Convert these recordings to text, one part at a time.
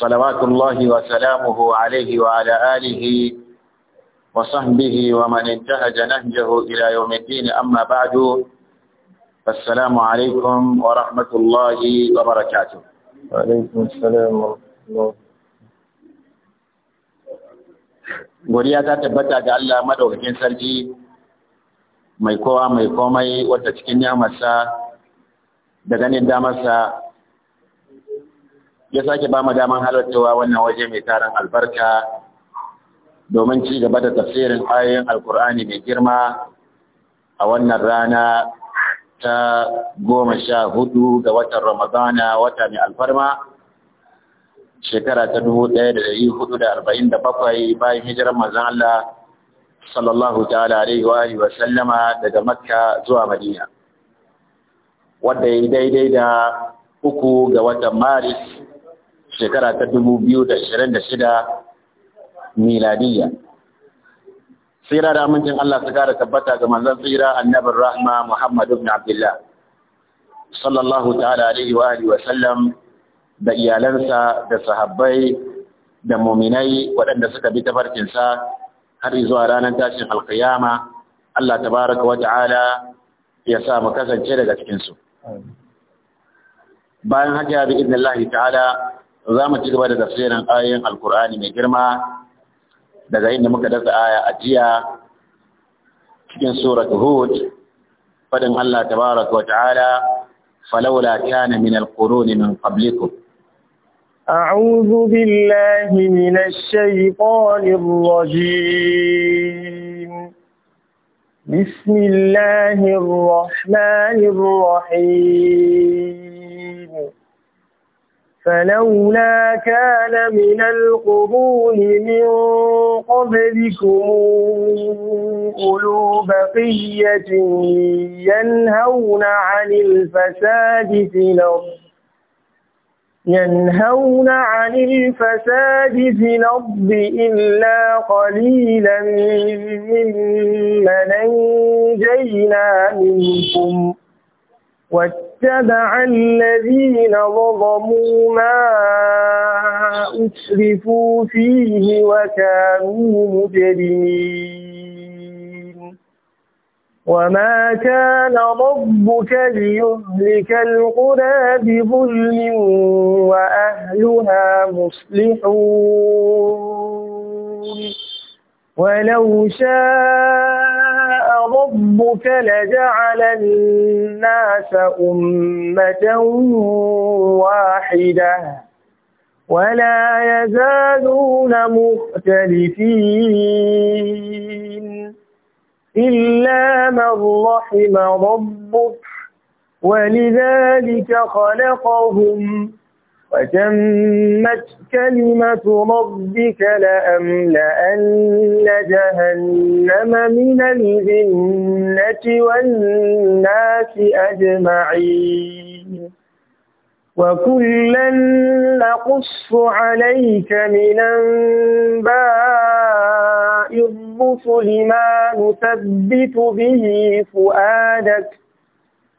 صلوات الله وسلامه عليه وعلى آله وصحبه ومن انتهج نهجه إلى يوم الدين أما بعد السلام عليكم ورحمة الله وبركاته وعليكم السلام ورحمة الله godiya ta tabbata ga Allah madaukakin sarki mai kowa mai komai wata cikin yamarsa da ganin damarsa ya sake ba mu daman halartawa wannan waje mai taron albarka domin ci gaba da tafsirin ayoyin alkur'ani mai girma a wannan rana ta goma sha hudu ga watan ramadana wata mai alfarma shekara ta dubu ɗaya da ɗari hudu da arba'in da bakwai bayan hijirar manzon Allah sallallahu ta'ala alaihi wa alihi wa sallama daga makka zuwa madina wadda ya daidai da uku ga watan maris shekara ta dubu biyu da ashirin da shida miladiyya tsira da amincin Allah su kara tabbata ga manzon tsira annabin rahma Muhammadu ibn Abdullah sallallahu ta'ala alaihi wa alihi wa sallam da iyalansa da sahabbai da muminai waɗanda suka bi ta farkinsa. har zuwa ranar tashin alkiyama Allah tabaraka wa ta'ala ya sa mu kasance daga cikin su bayan haka ya bi idnillahi ta'ala za mu ci gaba da tafsirin ayoyin alkur'ani mai girma daga inda muka dasa aya a jiya cikin surat hud fadin Allah tabaraka wa ta'ala falawla kana min alquruni min qablikum أعوذ بالله من الشيطان الرجيم bismillahir الله الرحمن فلولا كان من القبول من قبلكم أولو بقية ينهون عن الفساد في الأرض ينهون عن الفساد في الأرض إلا قليلا ممن أنجينا منكم واتبع الذين ظلموا ما أسرفوا فيه وكانوا مجرمين وما كان ربك ليهلك القرى بظلم وأهلها مصلحون ولو شاء ربك لجعل الناس أمة واحدة ولا يزالون مختلفين إلا من رحم ربك ولذلك خلقهم وتمت كلمة ربك لأملأن جهنم من الجنة والناس أجمعين وكلا نقص عليك من أنباء الرسل ما نثبت به فؤادك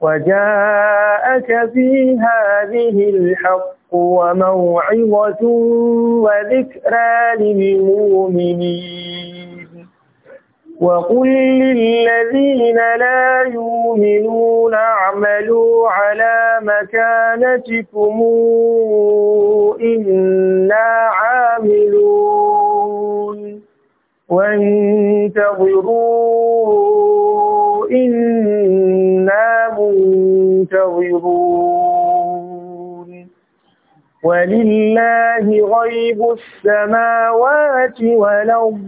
وجاءك في هذه الحق وموعظة وذكرى للمؤمنين وقل للذين لا يؤمنون اعملوا على مكانتكم إنا عاملون وانتظروا إنا منتظرون ولله غيب السماوات والأرض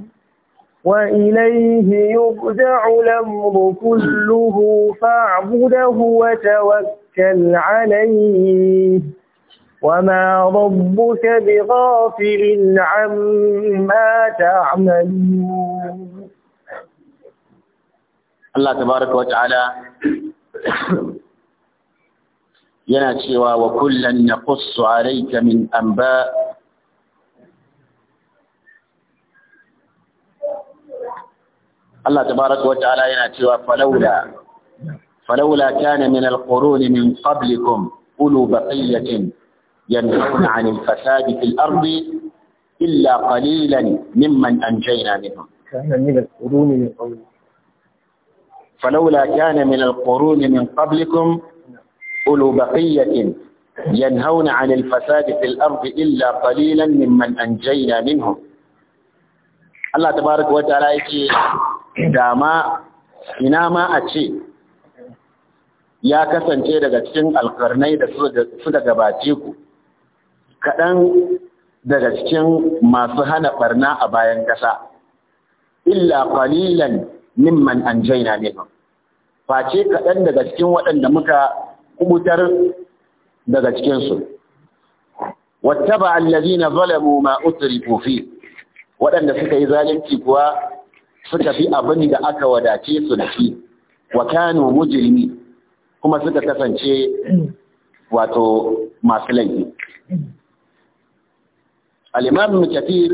وإليه يرجع الأمر كله فاعبده وتوكل عليه وما ربك بغافل عما تعملون الله تبارك وتعالى yana cewa wa kullun naqussu alayka min anba Allah tabaaraka wa ta'ala yana cewa falawla falawla kana min alquruni min qablikum ulu baqiyatin yanhauna 'anil fasadi fil ardi illa qalilan mimman anjayna minhum kana min alquruni min qablikum falawla kana min alquruni min qablikum أولو بقية ينهون عن الفساد في الأرض إلا قليلا ممن أنجينا منهم الله تبارك وتعالى يكي داما إناما أتشي ya kasance daga cikin alkarnai da su da kaɗan daga cikin masu hana barna a bayan ƙasa illa qalilan mimman anjayna minhum face kaɗan daga cikin waɗanda muka kubutar daga cikinsu wattaba allazina zalamu ma utrifu kofi. waɗanda suka yi zalunci kuwa suka fi abin da aka wadace su da fi. wakano kanu kuma suka kasance wato masu laifi al-imam kathir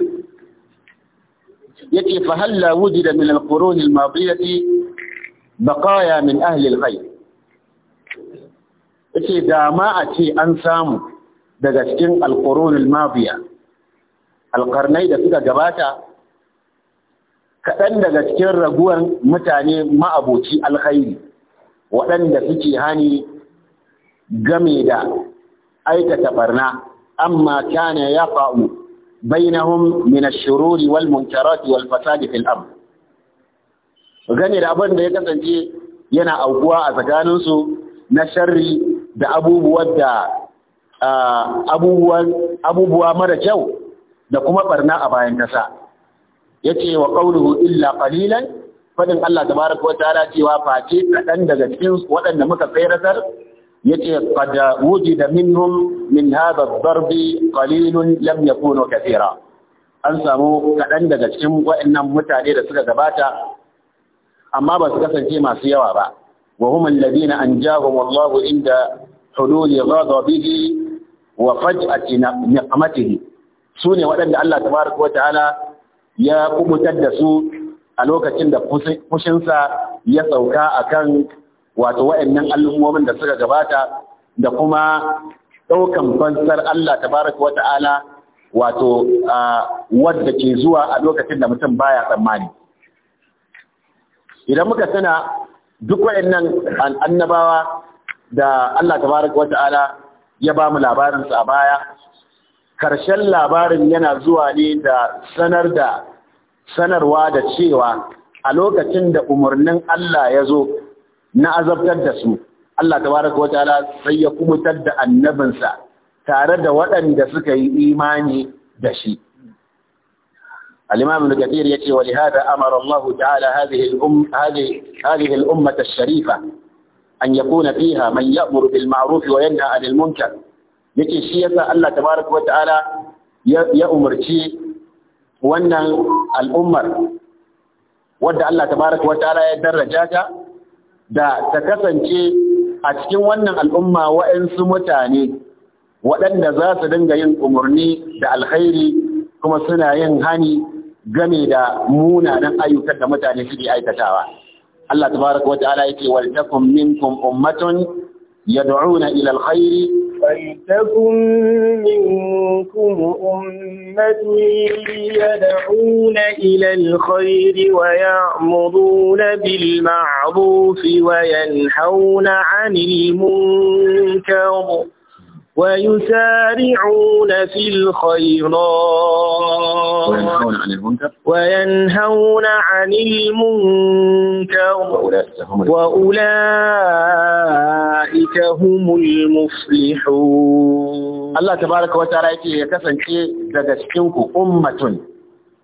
yake fa halla wujida min al-qurun al-madiyati min ahlil al yace da ma a ce an samu daga cikin alqurunul mafiya alƙarnai da suka gabata kaɗan daga cikin raguwar mutane ma'aboci alkhairi waɗanda suke hani game da aikata barna amma kyana ya fa'u bainahum min ash wal munkarati wal fasadi fil filam. gane da abin da ya kasance yana aukuwa a tsakaninsu na sharri da abubuwan da abubuwa mara kyau da kuma barna a bayan kasa yace wa qawluhu illa ƙalilan. Faɗin Allah tabaraka wa ta'ala cewa face Kaɗan daga cikin waɗanda muka tsayar yace wuji da minhum min hadha ad-darbi qalilun lam kuno kathira an samu kaɗan daga cikin waɗannan mutane da suka gabata amma ba su kasance masu yawa ba وهم الذين أنجاهم الله عند حلول غضبه وفجأة نقمته سوني وأن الله تبارك وتعالى يا قم تدسوا ألوك تند قشنسا يسوكا أكن وتوائن من الأمم da suka gabata da kuma ɗaukan fansar Allah tabaraka wa ta'ala wato wadda ke zuwa a lokacin da mutum baya tsammani idan muka sana. duk waɗannan annabawa da Allah wa wata'ala ya ba mu labarinsu a baya ƙarshen labarin yana zuwa ne da sanar da sanarwa da cewa a lokacin da umarnin Allah ya zo na azabtar da su Allah wa wata'ala sai ya kumutar da annabinsa tare da waɗanda suka yi imani da shi الإمام ابن كثير يتي ولهذا أمر الله تعالى هذه الأم هذه هذه الأمة الشريفة أن يكون فيها من يأمر بالمعروف وينهى عن المنكر yake shi yasa Allah tabaraka wa ta'ala ya umarci wannan al'ummar wadda Allah ya daraja ta da ta kasance a cikin wannan al'umma wa'ansu mutane waɗanda za su dinga yin umarni da alkhairi kuma suna yin hani game da munanan ayyukan da mutane suke aikatawa. Allah tabarak wa ta'ala yake wal takum minkum ummatun yad'una ila al-khayr fal takum minkum ummatun yad'una ila al-khayr wa ya'muduna bil ma'ruf wa yanhauna 'anil munkar ويسارعون في الخيرات وينهون عن المنكر وينهون عن المنكر وأولئك هم المفلحون الله تبارك وتعالى يكفن شيء دقشكوك أمة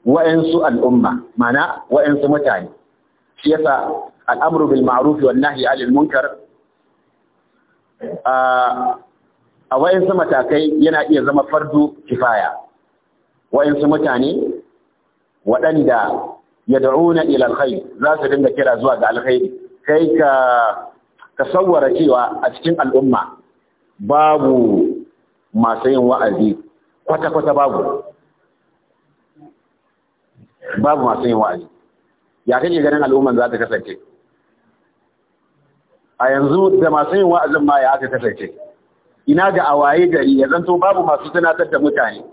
وإنسوا الأمة معنى وإنسوا متعين شيئا الأمر بالمعروف والنهي عن المنكر آه a waɗansu matakai yana iya zama fardu kifaya waɗansu mutane waɗanda ya da'una ila alkhair za su dinga kira zuwa ga alkhairi kai ka tasawwara cewa a cikin al'umma babu masu yin wa'azi kwata-kwata babu babu masu yin wa'azi ya kake ganin al'umman za ta kasance a yanzu da masu yin wa'azin ma ya aka kasance ina ga awaye gari ya zanto babu masu tunatar da mutane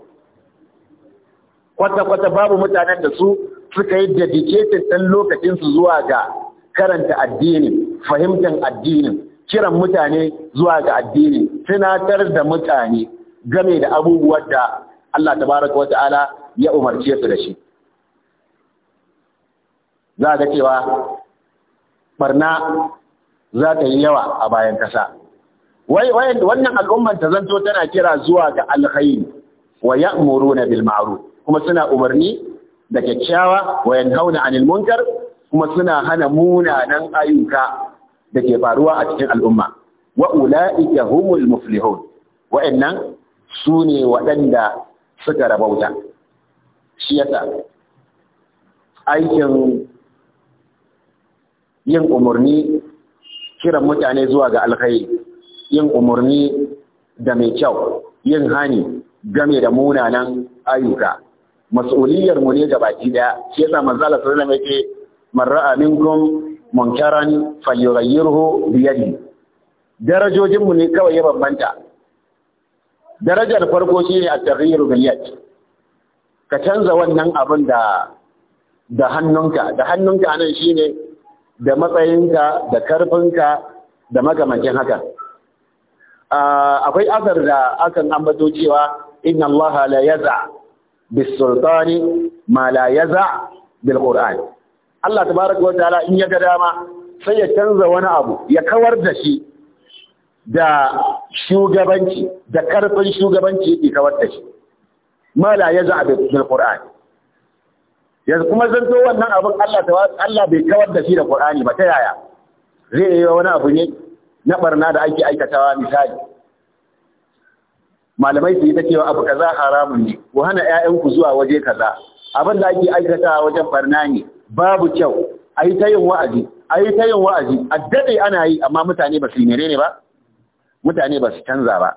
kwata-kwata babu mutanen da su suka yi dedicated ɗan lokacinsu zuwa ga karanta addini fahimtar addini kiran mutane zuwa ga addini tunatar da mutane game da abubuwan da Allah tabaraka wa ta'ala ya umarce su da shi za ga cewa barna za ta yi yawa a bayan kasa wannan al'ummar ta zanto tana kira zuwa ga alkhairi wa ya'muruna bil ma'ruf kuma suna umarni da kyakkyawa wa yanhauna 'anil munkar kuma suna hana munanan ayyuka da ke faruwa a cikin al'umma wa ula'ika humul muflihun wayannan su ne waɗanda suka rabauta shi yasa aikin yin umarni kiran mutane zuwa ga alkhairi yin umarni da mai kyau yin hani game da munanan ayyuka mas'uliyar mu ne gabaki daya shi yasa manzo Allah sallallahu alaihi wasallam yake man minkum munkaran falyughayyirhu bi darajojin ne kawai ya bambanta darajar farko shine at-taghyiru bil ka canza wannan abin da da hannunka da hannunka anan shine da matsayinka da karfinka da makamancin haka Ah, akwai asar da akan ambato cewa inna allaha la yaza bis sultani ma la yaza bil qur'an Allah tabaraka wa ta'ala in ya ga dama sai ya canza wani abu ya kawar da shi da shugabanci da karfin shugabanci yake kawar da shi ma la yaza bil qur'an yanzu kuma to wannan abin Allah Allah bai kawar da shi da Qur'ani ba ta yaya zai yi wani abu ne na barna da ake aikatawa misali malamai su yi ta cewa abu kaza haramun ne ku hana ƴaƴanku zuwa waje kaza abin da ake aikatawa wajen barna ne babu kyau a yi ta yin wa'azi a yi ta yin wa'azi a daɗe ana yi amma mutane ba su yi ne ba mutane ba su canza ba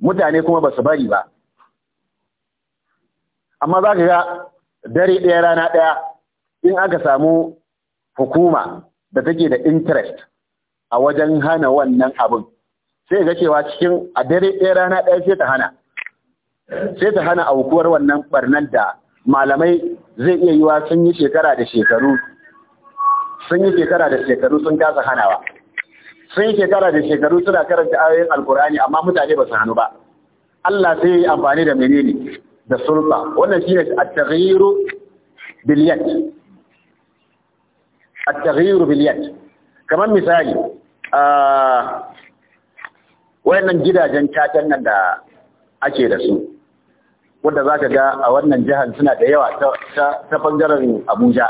mutane kuma ba su bari ba amma za ka ga dare ɗaya rana ɗaya in aka samu hukuma da take da interest a wajen hana wannan abin sai ga cewa cikin a dare ɗaya rana ɗaya sai ta hana sai ta hana aukuwar wannan barnan da malamai zai iya yiwa sun yi shekara da shekaru sun yi shekara da shekaru sun kasa hanawa sun yi shekara da shekaru suna karanta ayoyin alkur'ani amma mutane ba su hannu ba Allah sai yi amfani da menene da sulfa wannan shine at-taghyiru bil at-taghyiru bil yad kamar misali a wayannan gidajen cacan nan da ake da su wanda zaka ga a wannan jihar suna da yawa ta ta bangaren Abuja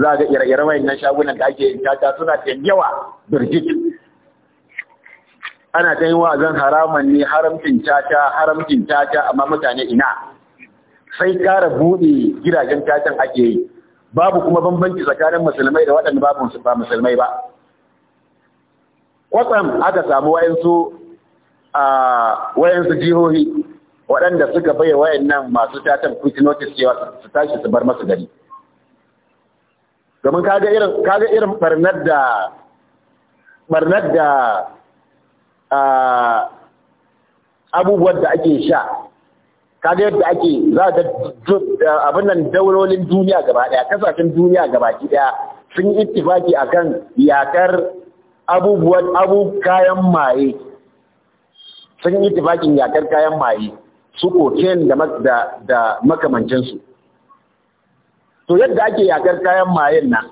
za ga ire-ire wayannan shagunan da ake caca suna da yawa birjit ana ta yi wa'azan haraman ne haramcin caca haramcin caca amma mutane ina sai kara buɗe gidajen cacan ake yi babu kuma bambanci tsakanin musulmai da waɗanda babu ba musulmai ba kwatsam aka samu wayansu a wayansu jihohi waɗanda suka wayan wayannan masu tatan quick notice cewa su tashi su bar masu gari domin kaga irin kaga irin barnar da barnar da abubuwan da ake sha kaga yadda ake za ga abin nan daurolin duniya gaba daya kasashen duniya gaba daya sun ittifaki akan yakar abubuwan abu kayan maye sun ittifakin yakar kayan maye su koken da da makamancinsu to yadda ake yakar kayan mayen nan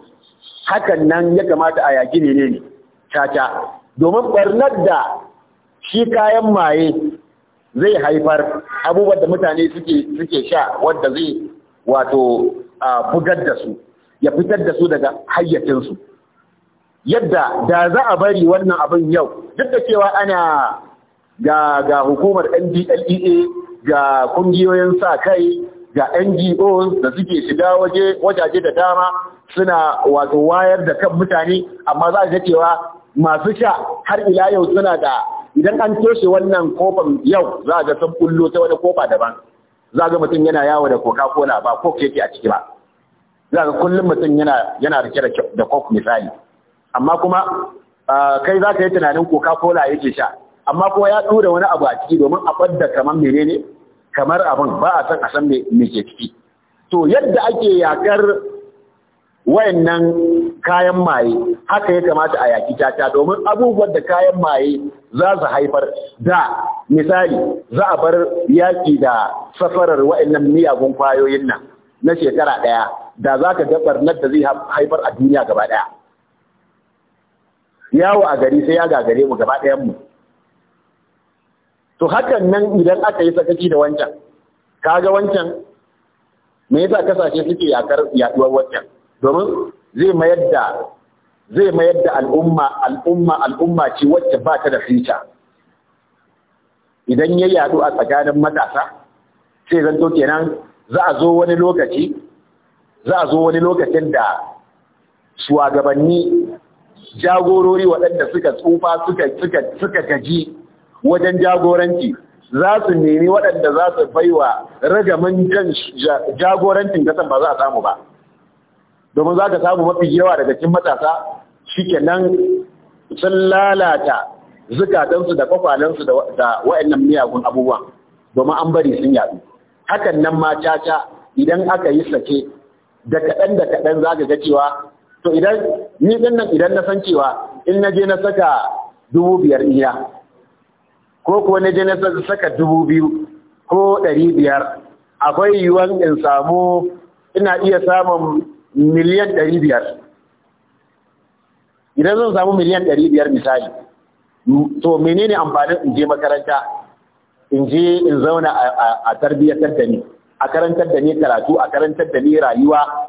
hakan nan ya kamata a yaki ne ne caca domin barnar da shi kayan maye zai haifar abubuwan da mutane suke sha wadda zai wato bugar da su ya fitar da su daga hayyacinsu yadda da za a bari wannan abin yau duk da cewa ana ga hukumar ndlea ga kungiyoyin sa kai ga NGO da suke shiga waje wajaje da dama suna wato wayar da kan mutane amma za ga cewa masu sha har ila yau suna da idan an toshe wannan kofar yau za a ga sun kullo ta wani kofa daban za a ga mutum yana yawo da koka-kola ba coke yake a ciki ba za a ga kullum mutum yana rike da da misali amma kuma kai za ka yi tunanin koka-kola yake sha amma kuma ya tsura wani abu a ciki domin a fadda kamar menene kamar abin ba a san a san me ke ciki to yadda ake yakar wayannan kayan maye haka ya kamata a yaki tata domin abubuwan da kayan maye za su haifar da misali za a bar yaƙi da safarar wa'annan miyagun kwayoyin nan na shekara ɗaya da za ka ga nan da zai haifar a duniya gaba ɗaya yawo a gari sai ya gagare mu gaba ɗayan mu to hakan nan idan aka yi sakaci da wancan kaga wancan me yasa kasashe suke yakar yaduwar wancan domin zai mayar da zai mayar da al'umma al'umma al'umma ce wacce ba ta da fita idan ya yadu a tsakanin matasa sai to kenan za a zo wani lokaci za a zo wani lokacin da shugabanni jagorori waɗanda suka tsufa suka suka suka gaji wajen jagoranci za su nemi waɗanda za su baiwa ragamin jagorancin kasan ba za a samu ba domin za ka samu mafi yawa daga cikin matasa shi nan sun lalata zukatansu da kwakwalensu da wa'annan miyagun abubuwan domin an bari sun yaɗu hakan nan ma caca idan aka yi sake da kaɗan da kaɗan za ka ga cewa to idan ni nan idan na san cewa in na je na saka dubu biyar iya ko kuwa na je na saka dubu biyu ko ɗari biyar akwai yiwuwan in samu ina iya samun miliyan biyar, idan zan samu miliyan ɗari biyar misali to menene amfanin in je makaranta in je in zauna a tarbiyyar da ni a karantar da ni karatu a karantar da ni rayuwa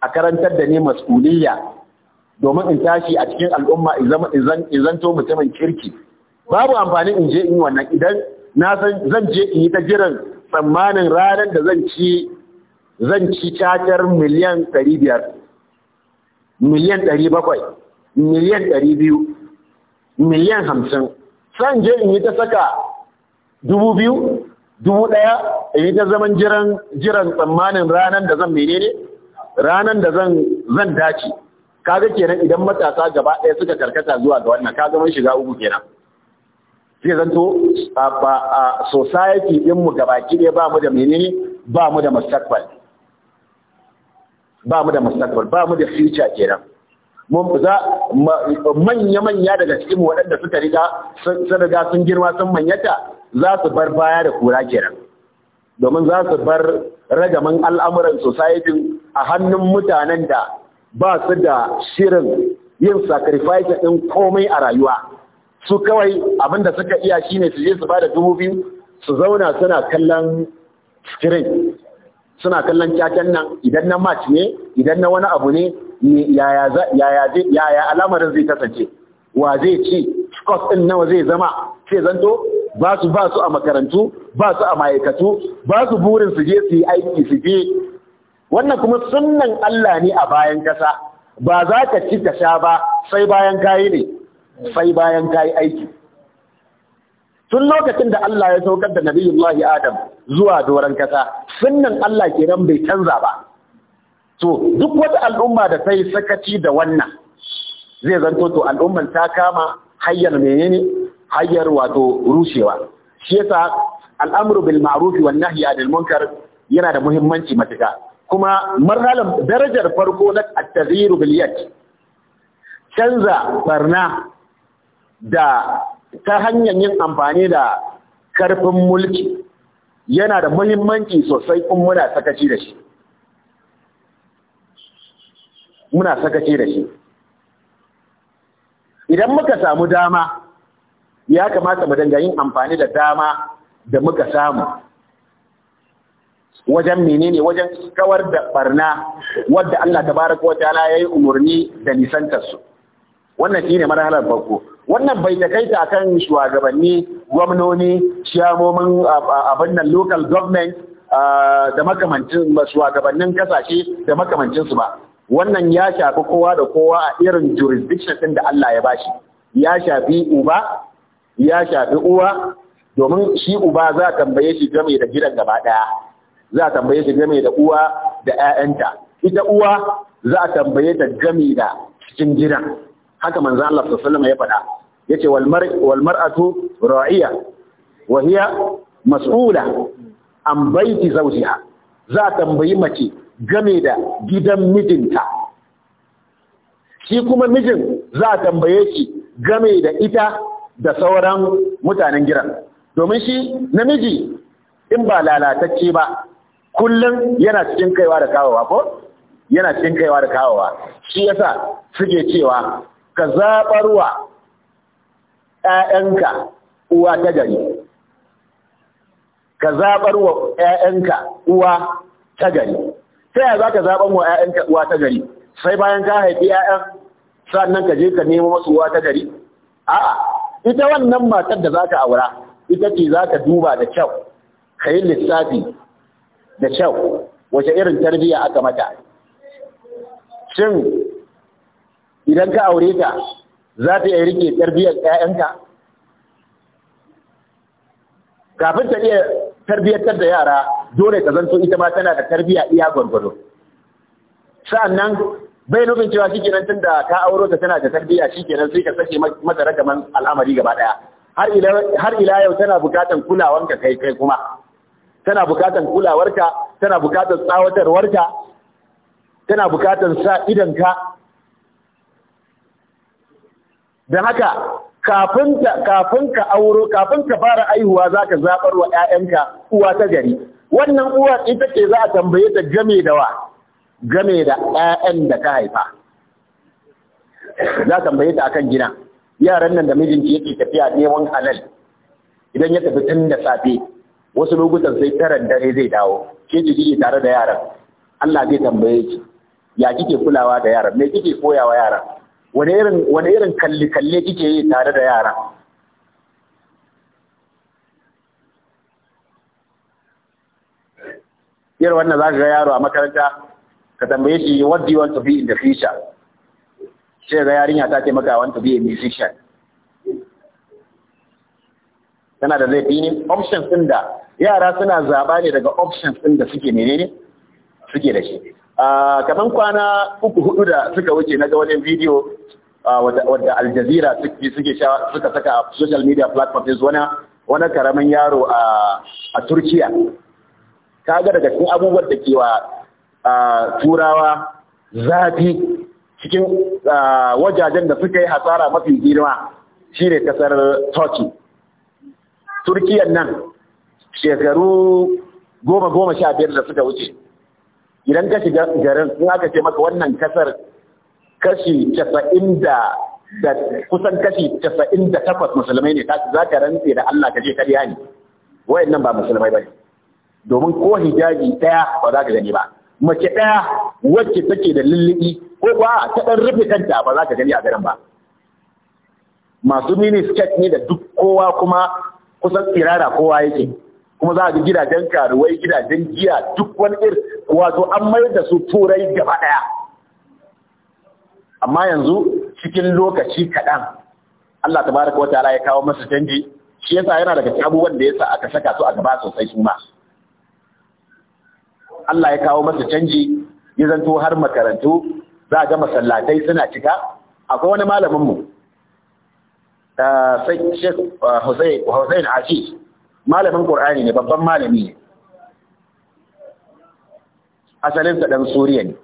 a karantar da ni mas'uliyya domin in tashi a cikin al'umma in zanto mutumin kirki babu amfanin in je in wannan idan na san zan je in yi ta jiran tsammanin ranar da zan ci zan ci cacar miliyan ɗari biyar miliyan ɗari bakwai miliyan ɗari biyu miliyan hamsin san je in yi ta saka dubu biyu dubu ɗaya in yi ta zaman jiran jiran tsammanin ranar da zan menene ranar da zan zan dace kaga kenan idan matasa gaba ɗaya suka karkata zuwa ga wannan kaga mun shiga uku kenan zai zanto a society ɗinmu gabaki ɗaya ba mu da menene ba mu da mustaqbal ba mu da mustaqbal ba mu da future kenan mun za manya-manya daga cikin waɗanda suka riga sun riga sun girma sun manyata za su bar baya da kura kenan domin za su bar ragaman al'amuran society a hannun mutanen da ba su da shirin yin sacrifice din komai a rayuwa su kawai abin da suka iya shine su je su bada dubu biyu su zauna suna kallon screen suna kallon caken nan idan na match ne idan na wani abu ne yaya alamarin zai kasance wa zai ci scott ɗin nawa zai zama sai zanto ba su ba su a makarantu ba su a ma'aikatu ba su burin su je su yi aiki su je wannan kuma sunnan Allah ne a bayan kasa ba za ka ci ka sha ba sai bayan kayi ne sai bayan kayi aiki tun lokacin da Allah ya saukar da Nabiyullahi Adam zuwa doron kasa sunnan Allah ke kenan bai canza ba to duk wata al'umma da ta yi sakaci da wannan zai zanto to al'umman ta kama hayar, menene hayar wato rushewa shi yasa al'amru bil ma'rufi wan nahyi anil munkar yana da muhimmanci matuka kuma marhalar darajar farko na at-taghyir canza barna da ta hanyar yin amfani da karfin mulki yana da muhimmanci sosai in muna sakaci da shi muna sakaci da shi idan muka samu dama ya kamata mu dinga yin amfani da dama da muka samu wajen menene wajen kawar da barna wadda Allah tabaraka wa ya yi umarni da nisantar su wannan shine marhalar farko wannan bai takaita akan shugabanni gwamnoni shamomin abin nan local government da makamancin shugabannin kasashe da makamancinsu ba wannan ya shafi kowa da kowa a irin jurisdiction ɗin da Allah ya bashi ya shafi uba ya shafi uwa domin shi uba za a tambaye shi game da gidan gaba daya za a tambaye shi game da uwa da 'ya'yanta ita uwa za a tambaye ta game da cikin gidan haka manzo Allah sallallahu alaihi ya faɗa yace wal mar wal mar'atu ra'iya wa hiya mas'ula an baiti zawjiha za tambayi mace game da gidan mijinta shi kuma mijin za tambaye shi game da ita da sauran mutanen gidan domin shi namiji in ba lalatacce ba kullum yana cikin kaiwa da kawowa ko yana cikin kaiwa da kawowa shi yasa suke cewa ka zaɓarwa ‘ya'yanka uwa ta gari ka zaɓarwa ‘ya'yanka uwa ta gari ta yaya za ka zaɓar wa ‘ya'yanka uwa ta gari sai bayan ka haifi ‘ya'yan sannan ka je ka nemo masu uwa ta gari a'a ita wannan matar da za ka aura ita ce za ka duba da kyau ka yi lissafi da kyau wace irin tarbiyya aka mata shin idan ka aure ta za ta iya rike tarbiyyar ƴaƴanka kafin ta iya tarbiyyantar da yara dole ta zanto ita ma tana da tarbiyya iya gwargwado sa'annan bai nufin cewa shikenan tun da ka auro ta tana da tarbiyya shikenan sai ka sake mata ragaman al'amari gaba daya har ila yau tana bukatan kulawanka kai kai kuma tana bukatan kulawarka tana bukatan tsawatarwarka tana bukatan sa ka? don haka kafin ka auro kafin ka fara aihuwa za ka zaɓar wa ‘ya'yanka uwa ta gari wannan uwa ita ce za a tambaye ta game da wa game da ‘ya'yan da ka haifa za a tambaye ta akan gina yaran nan da mijinki yake tafiya neman halal idan ya tafi tun da safe wasu lokutan sai taran dare zai dawo ke ji kike tare da yaran Allah zai tambaye ki ya kike kulawa da yaran me kike koyawa yaran wani irin kalli kalli kalle kike yi tare da yara yar wannan za ga yaro a makaranta ka tambaye shi what do you want to be in the future sai ga yarinya ta ce maka want to be a musician tana da zai ne options din da yara suna zaba ne daga options din da suke menene suke da shi kamar kwana uku hudu da suka wuce na ga wani bidiyo wadda aljazira suka saka a social media platform ɗin wani karamin yaro a turkiya kaga daga cikin abubuwan da ke wa turawa zafi cikin wajajen da suka yi hasara mafi girma shine kasar turkey turkiyan nan shekaru goma goma sha biyar da suka wuce idan ka shiga garin in aka ce maka wannan kasar kashi casa'in da kusan kashi casa'in da takwas musulmai ne za ka rantse da Allah ka je ka karya ne wayannan ba musulmai ba ne domin ko hijabi ɗaya ba za ka gani ba mace ɗaya wacce take da lullubi ko ba ta ɗan rufe kanta ba za ka gani a garin ba masu mini skirt ne da duk kowa kuma kusan tsirara kowa yake kuma za a ga gidajen karuwai gidajen giya duk wani ir wato an mai da su turai gaba ɗaya amma yanzu cikin lokaci kaɗan Allah Ta baraka wata ya kawo masa canji shi yasa yana daga cikin abubuwan da yasa aka saka su a gaba sosai su ma Allah ya kawo masa canji ya zanto har makarantu za a ga masallatai suna cika akwai wani malamin mu eh, eh, Hussein Hussein Aziz malamin ƙur'ani ne babban malami ne asalin ɗan ɗan Suriya ne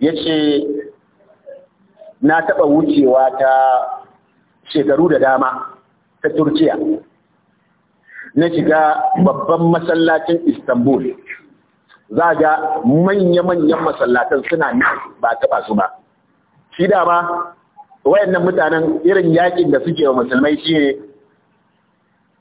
Ya ce na taɓa wucewa ta shekaru da dama ta Turkiya na shiga babban masallacin Istanbul za ga manya-manyan masallatan suna ne ba taba su ba shi ba, wayannan mutanen irin yaƙin da suke wa musulmai shi ne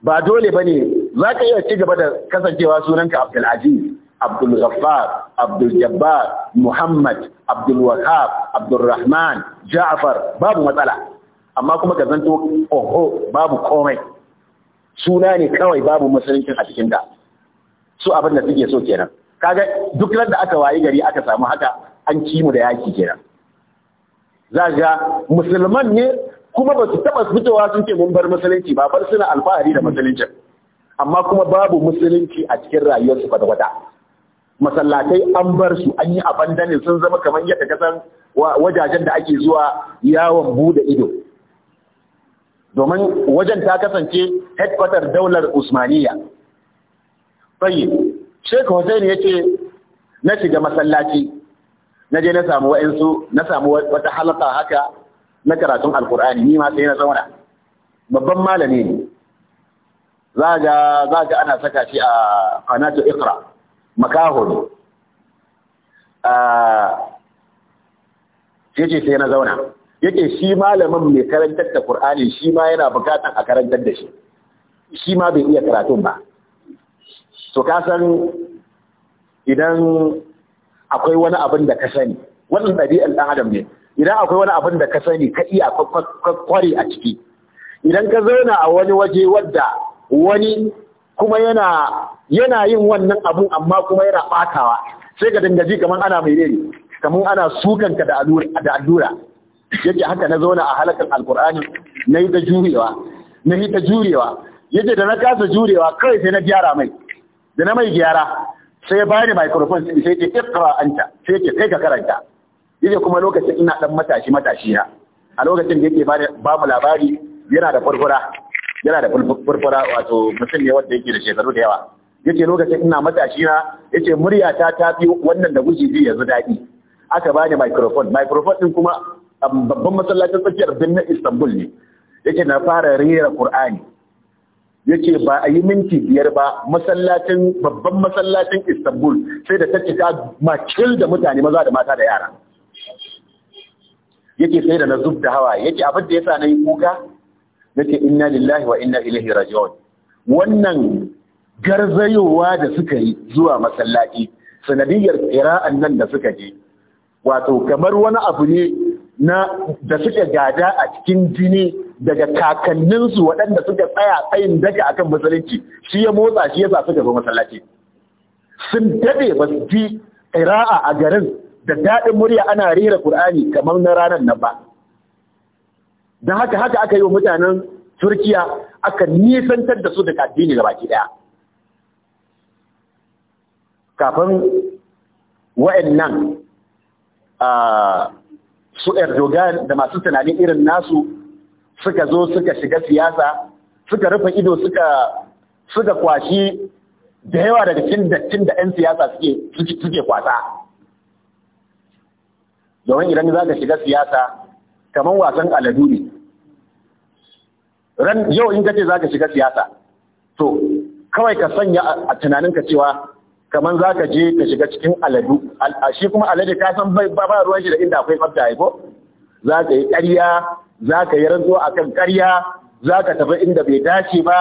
ba dole ba ne za ka iya ci gaba da kasancewa sunanka abdulaziz abdulghaffar abduljabbar muhammad abdulwahab abdulrahman ja'far babu matsala amma kuma ka zanto oho babu komai suna ne kawai babu musuluncin a cikin da su abin da suke so kenan kaga duk da aka wayi gari aka samu haka an ci mu da yaki kenan za ga musulman ne kuma ba su taɓa fitowa sun ce mun bar musulunci ba bar suna alfahari da musulunci amma kuma babu musulunci a cikin rayuwarsu kwata-kwata masallatai an bar su an yi abandanin sun zama kamar yadda ka san wajajen da ake zuwa yawon bude ido domin wajen ta kasance headquarter daular Usmaniyya. tsaye sheikh hussein ya ce na shiga masallaci na je na samu wa'insu na samu wata halaka haka na karatun alkur'ani ni ma sai na zauna babban malami ne zaga zaga ana saka shi a qanatu iqra makahon a yace sai na zauna yake shi malamin mai karantar da Qur'ani shi ma yana bukatan a karantar da shi shi ma bai iya karatun ba to ka san idan akwai wani abin da ka sani wannan ɗabi'an ɗan adam ne idan akwai wani abin da ka sani ka iya kware a ciki idan ka zauna a wani waje wadda wani kuma yana yin wannan abun amma kuma yana batawa sai ka dangaji kamar ana mai rere kamar ana sukanka da allura yake haka na zauna a halakar alkur'ani na ta jurewa na yi ta jurewa yake da na kasa jurewa kawai sai na gyara mai da na mai gyara sai ya bani microphone sai ke ikra anta sai ke kai ka karanta Yake kuma lokacin ina ɗan matashi matashi na. A lokacin da yake ba mu labari yana da furfura. Yana da furfura wato mutum ne wanda yake da shekaru da yawa. Yake lokacin ina matashi na yace murya ta ta fi wannan da guji zai yanzu daɗi. Aka bani microphone. Microphone ɗin kuma babban masallacin tsakiyar birnin Istanbul ne. Yake na fara rera Qur'ani. yace ba a yi minti biyar ba masallacin babban masallacin Istanbul sai da ta cika makil da mutane maza da mata da yara yake sai da na zub da hawa yake abin da yasa nayi kuka yake inna lillahi wa inna ilaihi raji'un wannan garzayowa da suka yi zuwa masallaci sanadiyar qira'an nan da suka je wato kamar wani abu ne na da suka gada a cikin jini daga kakanninsu waɗanda suka tsaya tsayin daga akan musulunci shi ya motsa shi yasa suka zo masallaci sun dade ba su ji tsira'a a garin da daɗin murya ana rera Kur'ani kamar na ranar nan ba don haka haka aka yi wa mutanen Turkiya aka nisantar da su da addini da baki ɗaya. kafin wa'annan su Erdogan da masu tunanin irin nasu suka zo suka shiga siyasa suka rufe ido suka suka kwashi da yawa daga cikin dattin da 'yan siyasa suke kwasa domin idan za ka shiga siyasa kamar wasan aladu ne ran yau in ka ce za ka shiga siyasa to kawai ka sanya a tunaninka cewa kamar za ka je ka shiga cikin aladu shi kuma alade ka san bai ba ruwan shi da inda akwai tsafta ya ko za ka yi karya, za ka yi rantsuwa kan karya, za ka tafi inda bai dace ba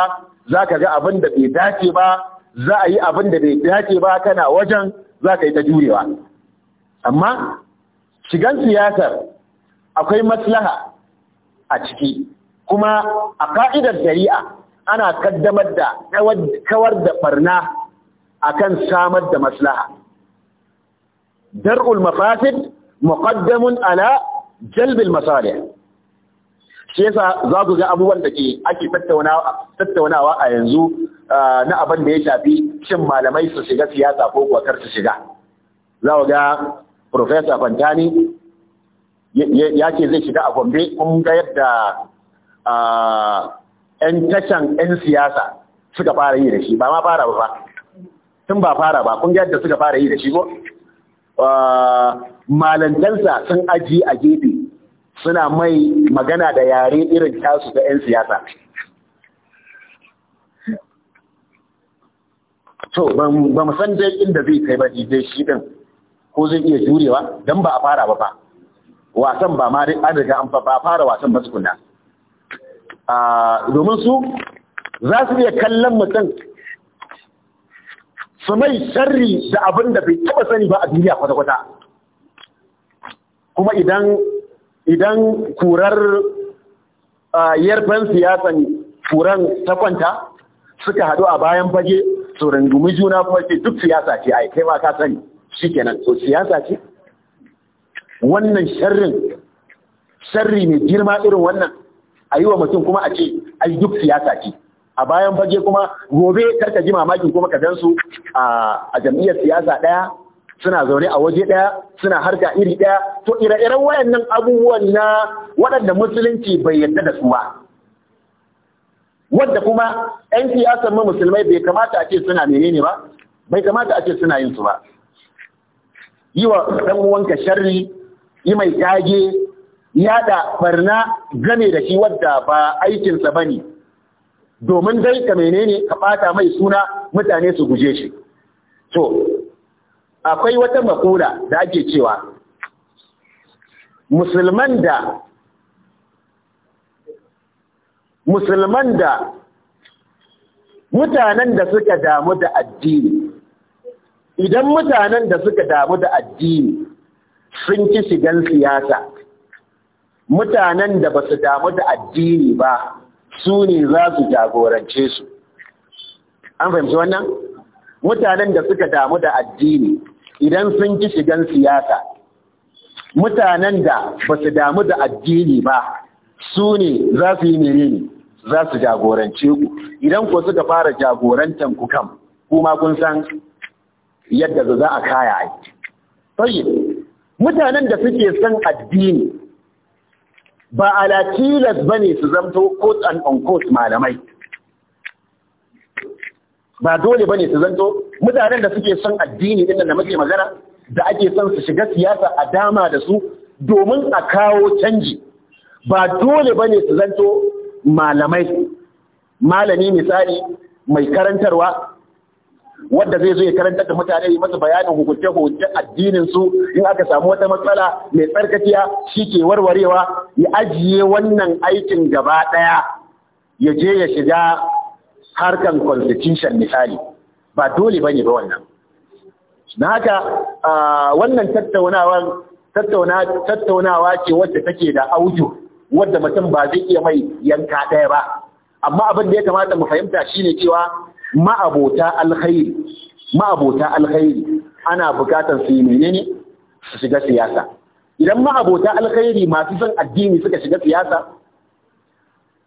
za ka ga abin da bai dace ba za a yi abin da bai dace ba kana wajen za ka yi ta jurewa amma shigan siyasar akwai maslaha a ciki kuma a ka'idar shari'a ana kaddamar da kawar da a kan samar da maslaha dar'ul mafasid muqaddamun ala jalbil masalih shi yasa za ku ga abubuwan da ke ake tattaunawa a yanzu ah, na abin da ya shafi cin malamai su shiga siyasa ko kuwa kar su shiga za ku ga Profesa Bantani ya ce zai shiga a Gombe kun ga yadda ‘yan tashan ‘yan siyasa suka fara yi da shi ba ma fara ba tun ba fara ba kun ga yadda suka fara yi da shi ko malantansa sun aji a gefe suna mai magana da yare irin tasu da 'yan siyasa to ba mu san dai inda zai kai ba dai shi din ko zai iya jurewa dan ba a fara ba fa wasan ba ma an riga an ba fara wasan ba kunna. domin su za su iya kallon mutum su mai sharri da abin da bai taba sani ba a duniya kwata-kwata kuma idan idan kurar yarfen siyasan kuran ta kwanta suka haɗu a bayan fage tsoron gumi juna kuma duk siyasa ce a kai ma ka sani kenan to siyasa ce wannan sharrin sharri mai girma irin wannan a yi mutum kuma a ce ai duk siyasa ce a bayan fage kuma gobe karka ji mamakin kuma ka gansu a jam'iyyar siyasa daya suna zaune a waje daya suna harka iri daya to ire-iren wayannan abubuwan na waɗanda musulunci bai yarda da su ba wadda kuma 'yan siyasar mu musulmai bai kamata a ce suna menene ba bai kamata a ce suna yin su ba yi wa ɗan uwanka sharri yi mai tage yada barna game da shi wadda ba aikinsa ba ne domin dai ka menene ka ɓata mai suna mutane su guje shi to akwai wata makula da ake cewa musulman da musulman da mutanen da suka damu da addini idan mutanen da suka damu da addini sun ki shigan siyasa mutanen da ba su damu da addini ba su ne za su jagorance su an fahimci wannan mutanen da suka damu da addini idan sun ki shigan siyasa mutanen da ba su damu da addini ba su ne za su yi menene za su jagorance ku idan ku suka fara jagorantan ku kam kuma kun san yadda za a kaya yi. tayyib mutanen da suke son addini ba ala tilas ne su zanto coach and on malamai ba dole ba ne su zanto mutanen da suke son addini ɗin da muke magana da ake son su shiga siyasa a dama da su domin a kawo canji ba dole ba ne su zanto malamai malami misali mai karantarwa wanda zai zo ya karanta da mutane yi masa bayanin hukunce-hukunce addinin su in aka samu wata matsala mai tsarkakiya shi ke warwarewa ya ajiye wannan aikin gaba ɗaya ya je ya shiga harkan constitution misali ba dole bane ba wannan na haka wannan tattaunawa tattaunawa ce wadda take da auju wadda mutum ba zai iya mai yanka ɗaya ba amma abin da ya kamata mu fahimta shine cewa ma'abota alkhairi ma'abota alkhairi ana bukatar su yi menene su shiga siyasa idan ma'abota alkhairi masu son addini suka shiga siyasa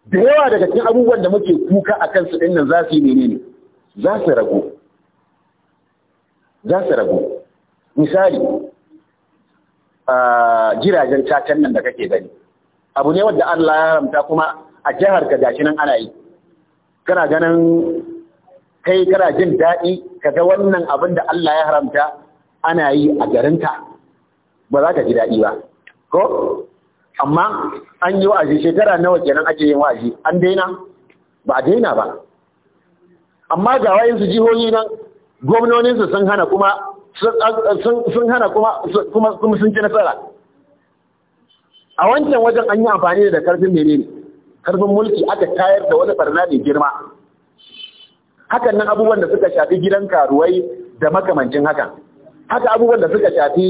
da yawa daga cikin abubuwan da muke kuka a su ɗin nan za su yi menene za su ragu za su rago misali jiragen cacan nan da kake gani abu ne wadda Allah ya haramta kuma a jihar ka gashi nan ana yi kana ganin kai kana jin daɗi ka ga wannan abin da Allah ya haramta ana yi a garinta? ba za ka ji daɗi ba ko amma an yi wa'azi shekara nawa kenan ake yin wa'azi an daina ba a daina ba amma ga wayansu jihohi nan gwamnoninsu sun hana kuma sun hana kuma kuma sun ci nasara a wancan wajen an yi amfani da karfin menene karfin mulki aka tayar da wani barna mai girma hakan nan abubuwan da suka shafi gidan karuwai da makamancin hakan haka abubuwan da suka shafi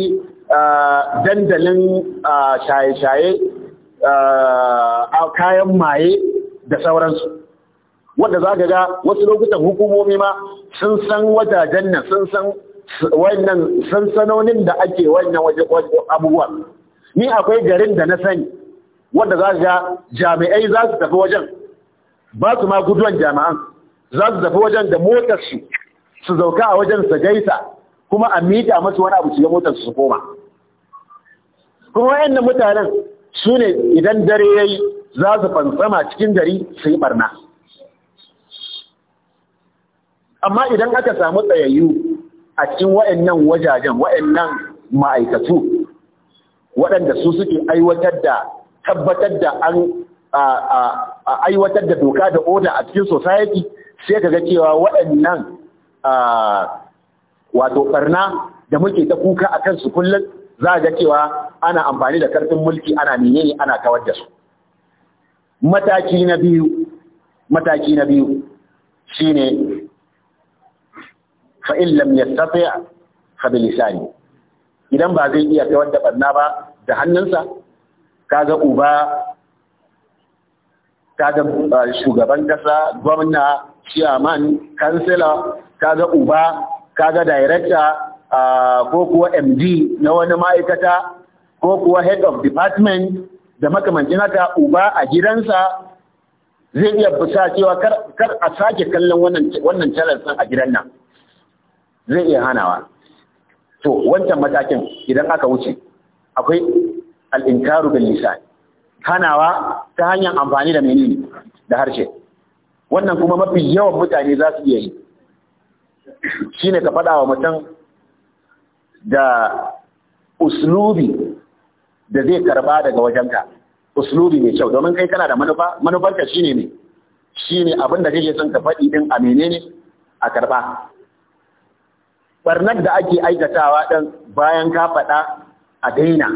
ah, dandalin ah, shaye-shaye ah, a kayan maye da sauransu wanda za ka ga wasu lokutan hukumomi ma sun san wajajen nan sun san wannan sansanonin da ake wannan abubuwan ni akwai garin da na sani wanda za ga jami'ai za su tafi wajen ba su ma guduwan jami'an za su zafi wajen da motar su su zauka a wajen su gaisa kuma a mita masu wani abu shiga motar su koma kuma wayannan mutanen su ne idan dare ya yi za su fansama cikin dare su yi barna amma idan aka samu tsayayyu a cikin nan wajajen nan ma'aikatu waɗanda su suke aiwatar da tabbatar da an aiwatar da doka da oda a cikin society sai ka ga cewa waɗannan wato ɓarna da muke ta kuka a kansu kullum za a ga cewa ana amfani da ƙarfin mulki ana menene ana kawar da su mataki na biyu mataki na biyu shine ne in lam yastati fa idan ba zai iya kawar da barna ba da hannunsa ka kaga uba kaga shugaban ƙasa, gwamna chairman kansila kaga uba kaga director ah, ko kuwa md na wani ma'aikata ko kuwa head of department da makamancin haka uba a gidansa zai iya fusa cewa kar a sake kallon wannan channel din a gidan nan zai iya hanawa to wancan matakin idan aka wuce akwai al'inkaru bil lisan hanawa ta hanyar amfani da menene da harshe wannan kuma mafi yawan mutane za su iya yi shi ne ka faɗa wa mutum da uslubi da zai karba daga wajenka uslubi mai kyau domin kai kana da manufa manufarka shi ne ne abin da kake son ka faɗi din a menene a karba barnar da ake aikatawa ɗin bayan ka faɗa a daina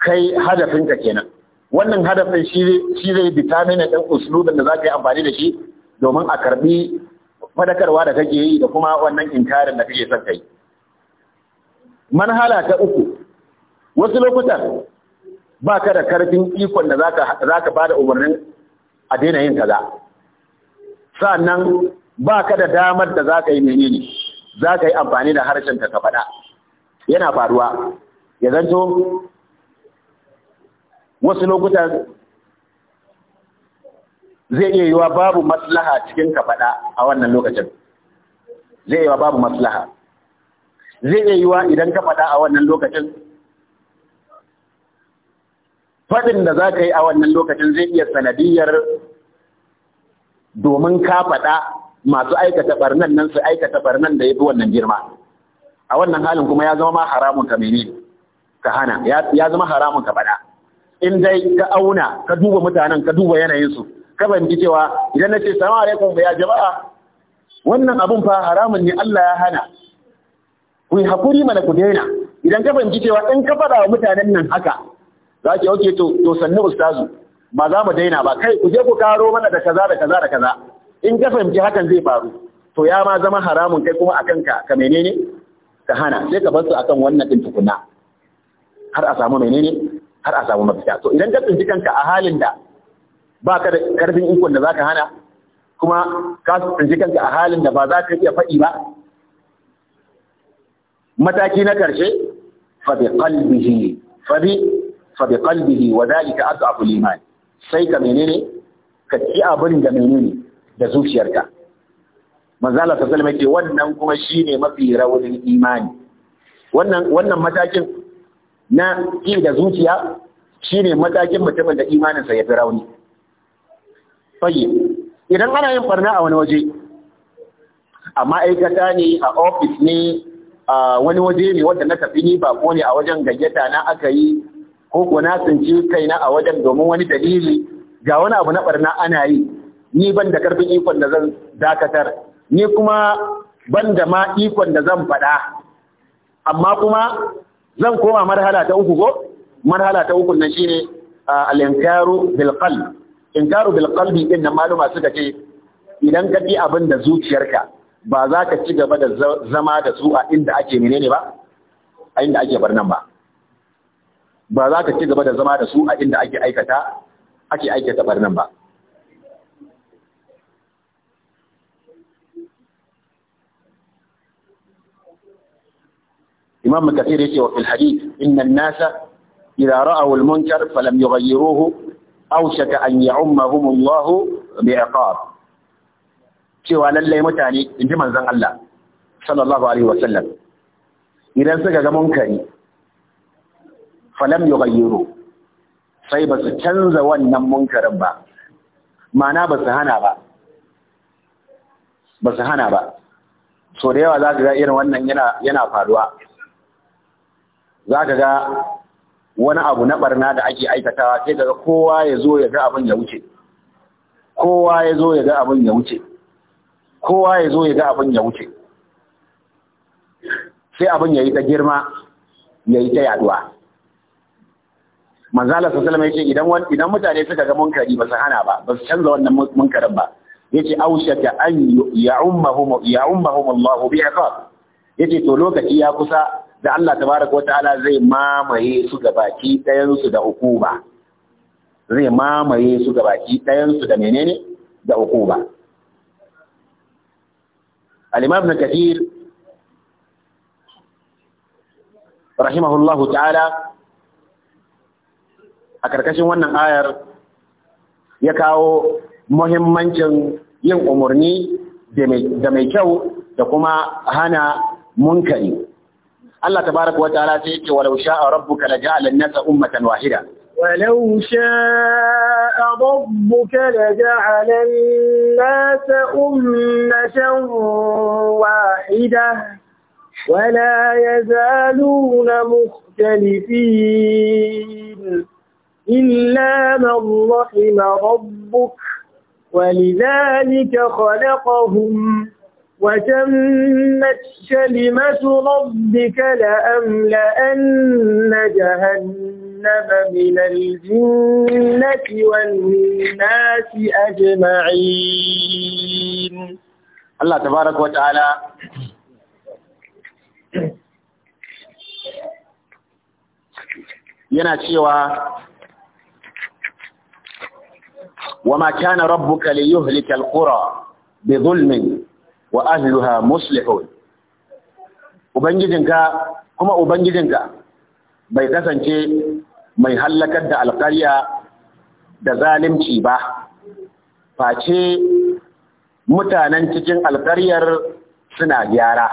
kai hadafinka kenan wannan hadafin shi zai determine ɗan uslubin da za ka yi amfani da shi domin a karɓi fadakarwa da kake yi da kuma wannan inkarin da kake son kai manhala ta uku wasu lokutan ba ka da karfin ikon da za ka ba da umarnin a daina yin kaza nan ba ka da damar da za ka yi menene za ka yi amfani da harshen ka faɗa yana faruwa ya zanto wasu lokuta zai iya yiwa babu maslaha cikin ka faɗa a wannan lokacin zai wa babu maslaha zai iya yiwa idan ka faɗa a wannan lokacin faɗin da za ka yi a wannan lokacin zai iya sanadiyar domin ka faɗa masu aikata barnan nan su aikata barnan da ya fi wannan girma a wannan halin kuma ya zama ma haramun ka menene ka hana ya zama haramun ka faɗa in dai ka auna ka duba mutanen ka duba yanayinsu ka fahimci cewa idan na ce salamu alaikum ya jama'a wannan abun fa haramun ne Allah ya hana ku hakuri mana ku daina idan ka fahimci cewa in ka fada wa mutanen nan haka za ki yauke to to sannu ustazu ba za mu daina ba kai ku je ku karo mana da kaza da kaza da kaza in ka fahimci hakan zai faru to ya ma zama haramun kai kuma akan ka ka menene ka hana sai ka bar su akan wannan din tukuna har a samu menene har a samu mafita to idan ka tsinci kanka a halin da ba ka da karfin ikon da za ka hana kuma ka tsinci kanka a halin da ba za ka iya faɗi ba mataki na ƙarshe fa ƙalbihi. qalbihi fa bi fa bi qalbihi wa dhalika adhafu sai ka menene ka ci abin da menene da zuciyarka manzo Allah sallallahu alaihi wannan kuma shi ne mafi raunin imani wannan wannan matakin na ƙi da zuciya shine matakin mutumin da imaninsa ya fi rauni fayi idan ana yin barna a wani waje a ma'aikata ne a ofis ne a wani waje ne wadda na tafi ni ko ne a wajen gayyata na aka yi ko kuwa na tsinci kaina a wajen domin wani dalili ga wani abu na barna ana yi ni ban da karfin ikon da zan dakatar ni kuma ban da ma ikon da zan faɗa amma kuma zan koma marhala ta uku ko marhala ta uku nan shine al-inkaru bil qalbi inkaru bil qalbi din maluma suka ce idan ka ji abin da zuciyarka ba za ka ci gaba da zama da su a inda ake menene ba a inda ake barnan ba ba za ka ci gaba da zama da su a inda ake aikata ake aikata barnan ba imam kathir yace wa fil hadith inna an-nasa idza ra'aw al-munkar falam yughayyiruhu shaka an ya'ummahum Allah bi'iqab cewa lallai mutane inji manzon Allah sallallahu alaihi wasallam idan suka ga munkari falam yughayyiru sai ba su canza wannan munkarin ba ma'ana ba su hana ba ba su hana ba so da yawa za ka ga irin wannan yana faruwa za ka ga wani abu na barna da ake aikatawa sai daga kowa ya zo ya ga abin ya wuce kowa ya zo ya ga abin ya wuce kowa ya zo ya ga abin ya wuce sai abin ya yi ta girma ya yi ta yaduwa manzala salama ya ce idan mutane suka ga munkari ba su hana ba ba su canza wannan munkarin ba ya yace aushaka an ya'ummahum ya'ummahum Allah ya ce to lokaci ya kusa da Allah tabaraka wata'ala zai mamaye su gabaki ɗayan su da ukuba zai mamaye su gabaki ɗayan su da menene da ukuba al-imam ibn kathir rahimahullahu ta'ala a karkashin wannan ayar ya kawo muhimmancin yin umarni da mai kyau da kuma hana munkari الله تبارك وتعالى سيك ولو شاء ربك لجعل الناس أمة واحدة ولو شاء ربك لجعل الناس أمة واحدة ولا يزالون مختلفين إلا من رحم ربك ولذلك خلقهم وتمت كلمة ربك لأملأن جهنم من الجنة والناس أجمعين الله تبارك وتعالى yana cewa وما كان ربك ليهلك القرى بظلم wa ahluha muslihun ubangijinka kuma ubangijinka bai kasance mai hallakar da alƙarya da zalunci ba face mutanen cikin alƙaryar suna gyara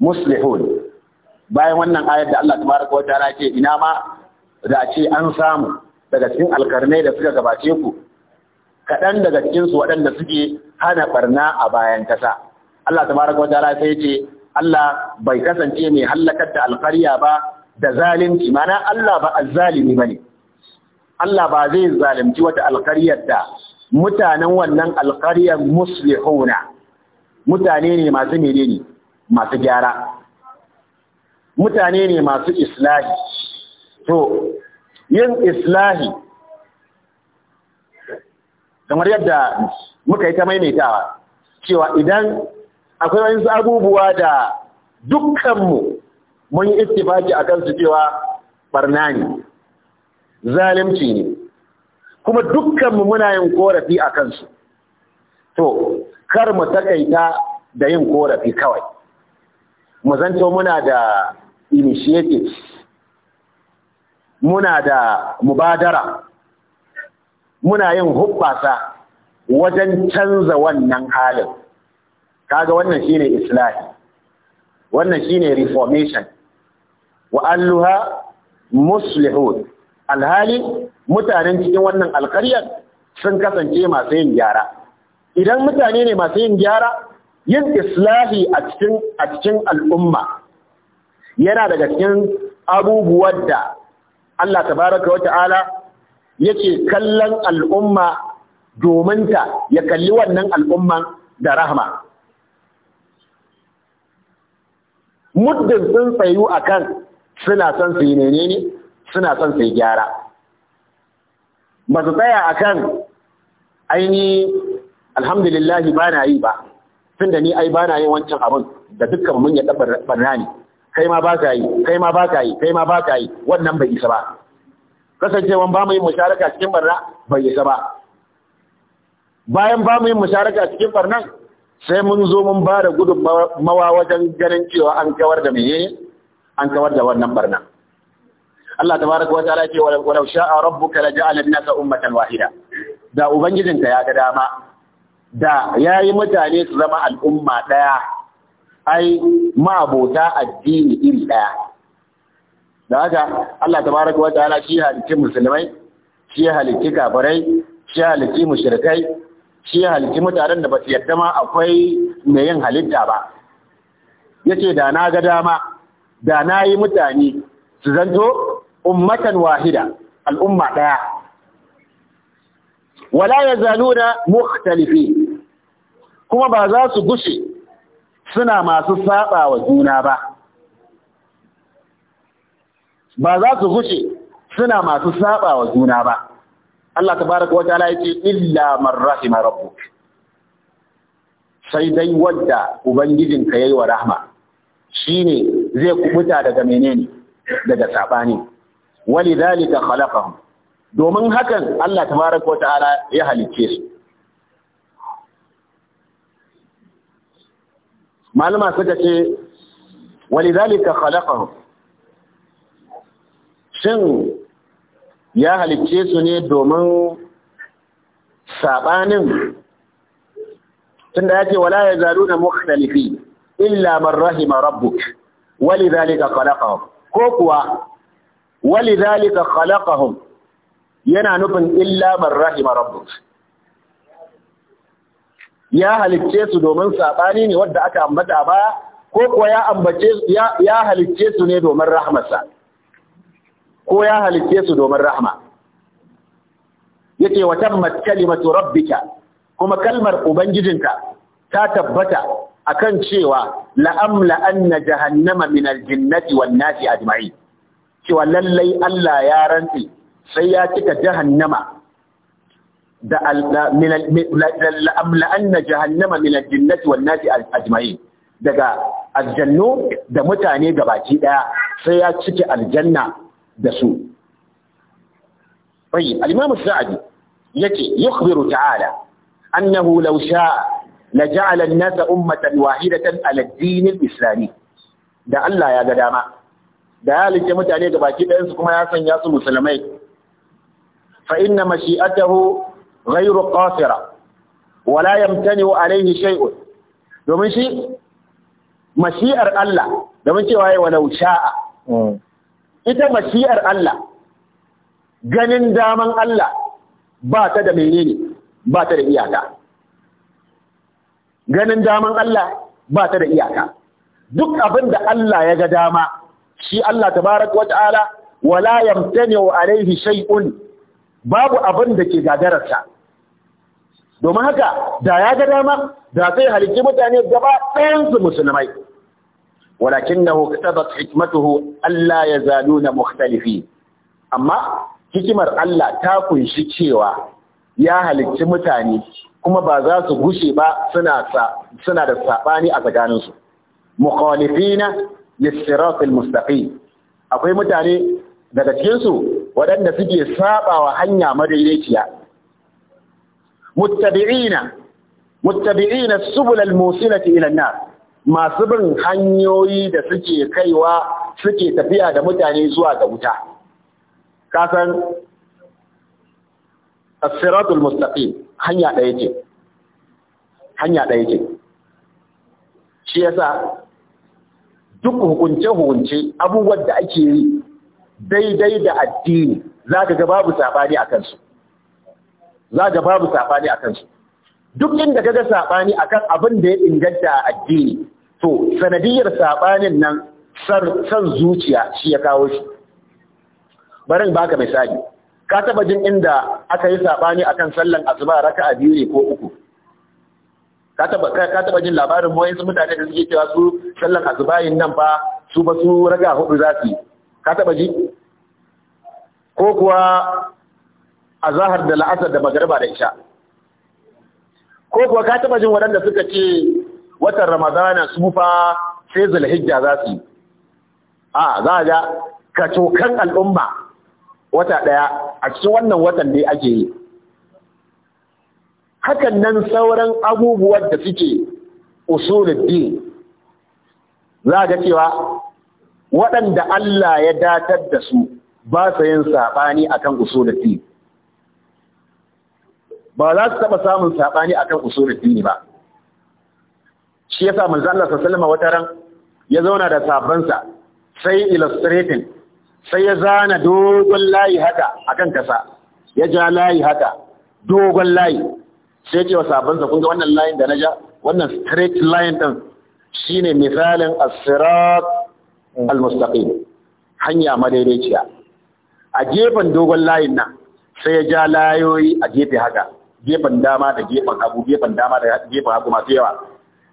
muslihun bayan wannan ayar da Allah tabaraka wa ta'ala ce ina ma da ce an samu daga cikin alƙarnai da suka gabace ku kaɗan daga cikinsu waɗanda suke hana ɓarna a bayan kasa. Allah ta baraka wata sai ce Allah bai kasance mai hallakar da alƙarya ba da zalunci mana Allah ba azzalimi ba ne. Allah ba zai zalunci wata alƙaryar da mutanen wannan alƙaryar muslihuna mutane ne masu menene masu gyara mutane ne masu islahi to yin islahi kamar yadda muka yi ta maimaitawa cewa idan akwai wani abubuwa da dukkanmu mun yi istifaki a kansu cewa barna ne zalimci ne kuma dukkanmu muna yin korafi a kansu to kar mu takaita da yin korafi kawai mu zanto muna da initiative muna da mubadara muna yin hubbasa wajen canza wannan halin kaga wannan shine islahi wannan shine reformation wa alluha muslihun alhali mutanen cikin wannan alƙaryar sun kasance masu yin gyara idan mutane ne masu yin gyara yin islahi a cikin a cikin al'umma yana daga cikin abubuwan da Allah tabaraka wa ta'ala yake kallon al'umma domin ta ya kalli wannan al'umman da rahama muddin sun tsayu a kan suna son su yi ne suna son su yi gyara ba su tsaya a kan aini alhamdulillahi ba na yi ba sun da ni ai ba na yin wancan abin da dukkan mun ya ɗabar barna ne kai ma ba ka yi kai ma ba ka yi kai ma ba ka yi wannan bai isa ba kasancewan ba mu yi musharaka cikin barna bai isa ba bayan ba mu yi musharaka cikin barnan sai mun zo mun ba da gudunmawa wajen ganin cewa an kawar da meye an kawar da wannan barna Allah tabaraka wa ta'ala ce wa law sha'a rabbuka la ja'ala an-nasa ummatan wahida da ubangijin ka ya ga dama da yayi mutane su zama al'umma daya ai ma abota addini iri daya da haka Allah tabaraka wata ta'ala shi halitti musulmai shi halitti kafirai shi halitti mushrikai shi halitti mutanen da ba su yarda ma akwai mai yin halitta ba yace da na ga dama da na yi mutane su zanto ummatan wahida al'umma daya wala yazaluna mukhtalifi kuma ba za su gushe suna masu saba wa juna ba ba za su gushe suna masu saba wa juna ba Allah Ta baraka wata ala yake illa marrahi marabu. sai dai wadda ubangijinka yi wa rahma shine zai kubuta daga menene daga sabani walidhalika khalaqahum domin hakan Allah Ta baraka wata ala ya halicce su malama suka ce walidhalika khalaqahum shin ya halicce su ne domin saɓanin tun da ya wala ya zaru na mukhtalifi illa man rahima rabbuk wali zalika khalaqahum ko kuwa wali zalika khalaqahum yana nufin illa man rahima rabbuk ya halicce su domin saɓani ne wadda aka ambata a baya ko kuwa ya halicce su ne domin rahmarsa ko ya halitte su domin rahma yace wa tammat kalimatu rabbika kuma kalmar ubangijinka ta tabbata akan cewa la'amla anna jahannama min aljinnati wan nasi ajma'i cewa lallai Allah ya rantsi sai ya cika jahannama da la la'amla anna jahannama min aljinnati wan nasi ajma'i daga aljannu da mutane gabaki daya sai ya cike aljanna da su طيب الإمام السعدي يكي يخبر Annahu أنه لو شاء لجعل الناس أمة واحدة da Allah ya ga dama da ya halitta mutane da baki ɗayansu kuma ya sanya su musulmai fa inna mashi'atahu ghayru qasira wala yamtani alayhi shay'un domin shi mashi'ar Allah domin cewa wa walau sha'a hmm. ita mashi'ar Allah ganin daman Allah ba ta da menene ba ta da iyaka ganin daman Allah ba ta da iyaka duk abin da Allah ya ga dama shi Allah ta tabaraka wata'ala wala wa alaihi shai'un babu abin da ke gagararsa domin haka da ya ga dama da sai halittu mutane gaba ɗansu musulmai ولكنه اقتضت حكمته ألا يزالون مختلفين amma hikimar Allah ta kunshi cewa ya halicci mutane kuma ba za su gushe ba suna da saɓani a tsakaninsu. Mukhalifina lissiratul mustaqim akwai mutane daga cikinsu waɗanda suke saɓawa hanya madaidaiciya. Muttabi'ina muttabi'ina subulal musilati ila nar masu bin hanyoyi da suke kaiwa suke tafiya da mutane zuwa ga wuta kasan asiratul Mustafi hanya ɗaya ce hanya ɗaya ce shi yasa duk hukunce-hukunce abubuwan da ake yi daidai da addini za ga babu saɓani a kansu za ga babu saɓani a kansu duk inda kaga a kan abin da ya inganta a addini to sanadiyar saɓanin nan san zuciya shi ya kawo shi barin baka misali ka taba jin inda aka yi a akan sallan asuba a biyu ne ko uku ka taba jin labarin su mutane da suke cewa su sallan yin nan fa su ba su raga hudu za su yi ka taba ji ko kuwa a zahar da la'asar da magariba da isha ko kuwa ka taba jin waɗanda suka ce watan ramadana su fa sai zulhijja za su yi a za a ga kacokan al'umma wata ɗaya a cikin wannan watan ne ake yi hakan nan sauran abubuwan da suke usuluddin za a ga cewa waɗanda Allah ya datar da su ba su yin saɓani akan usuluddin ba za su taɓa samun saɓani akan usulul dini ba shi yasa manzo Allah sallallahu wata ran ya zauna da sabansa sai illustrating sai ya zana dogon layi haka akan kasa ya ja layi haka dogon layi sai ce wa sabansa kun ga wannan layin da na ja wannan straight line din shine misalin as-sirat al-mustaqim hanya madaidaiciya a gefen dogon layin nan sai ya ja layoyi a gefe haka gefen dama da gefen hagu gefen dama da gefen hagu masu yawa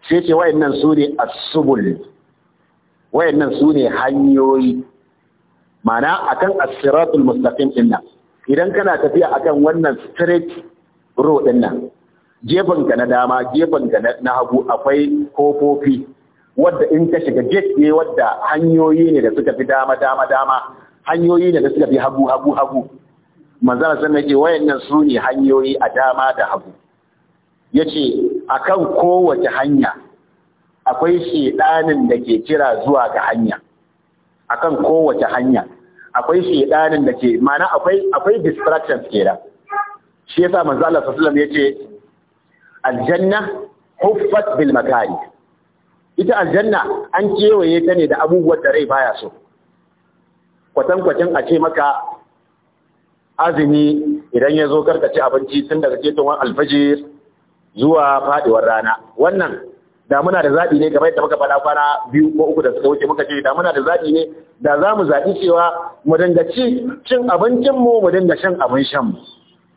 sai ce wayannan su ne asubul wayannan su ne hanyoyi ma'ana akan asiratul siratul mustaqim din nan idan kana tafiya akan wannan straight road din nan gefen ka na dama gefen ka na hagu akwai kofofi wadda in ka shiga gate ne wadda hanyoyi ne da suka fi dama dama dama hanyoyi ne da suka fi hagu hagu hagu manzara sun nake wayannan su ne hanyoyi a dama da hagu ya ce a kan kowace hanya akwai shedanin da ke kira zuwa ga hanya a kan kowace hanya akwai shedanin da ke mana akwai distractions ke da shi yasa manzo Allah sallallahu ya ce aljanna huffat bil makari ita aljanna an kewaye ta ne da abubuwan da rai baya so kwatankwacin a ce maka azumi idan ya zo karkace abinci tun daga ketowar alfajir zuwa faɗiwar rana wannan damuna da zaɓi ne game da muka faɗa kwana biyu ko uku da suka wuce muka ce damuna da zaɓi ne da za mu zaɓi cewa mu dinga cin abincinmu mu dinga shan abin shan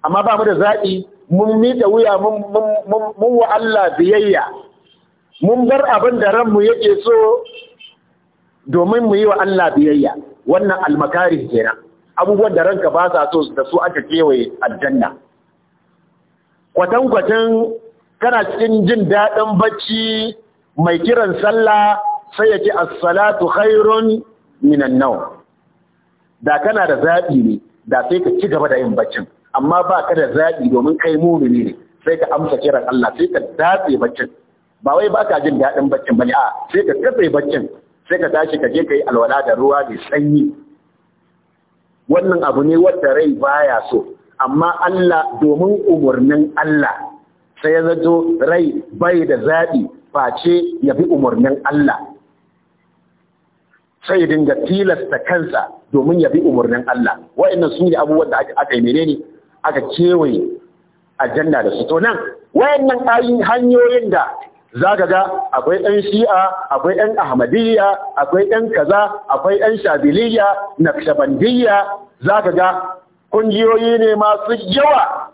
amma ba mu da zaɓi mun mita wuya mun wa Allah biyayya mun bar abin da ran ranmu yake so domin mu yi wa Allah biyayya wannan almakari kenan abubuwan da ranka ba sa so da su aka kewaye aljanna kwatankwatan kana cikin jin daɗin bacci mai kiran sallah sai ya ce assalatu khairun minan nau. da kana da zaɓi ne da sai ka ci gaba da yin baccin amma ba ka da zaɓi domin kai mumini ne sai ka amsa kiran Allah sai ka datse baccin ba wai ba ka jin daɗin baccin bane a sai ka katse baccin sai ka tashi ka je ka yi alwala da ruwa mai sanyi wannan abu ne wadda rai baya so amma Allah domin umarnin Allah sai ya zato rai bai da zaɓi face ya bi umarnin Allah sai dinga tilasta kansa domin ya bi umarnin Allah wa'annan su ne abubuwan da aka yi menene aka kewaye ajanda da su to nan wayannan hanyoyin da za ka ga akwai ɗan shi'a akwai ɗan ahmadiyya akwai ɗan kaza akwai ɗan shabiliyya nakshabandiyya za ka ga ƙungiyoyi ne masu yawa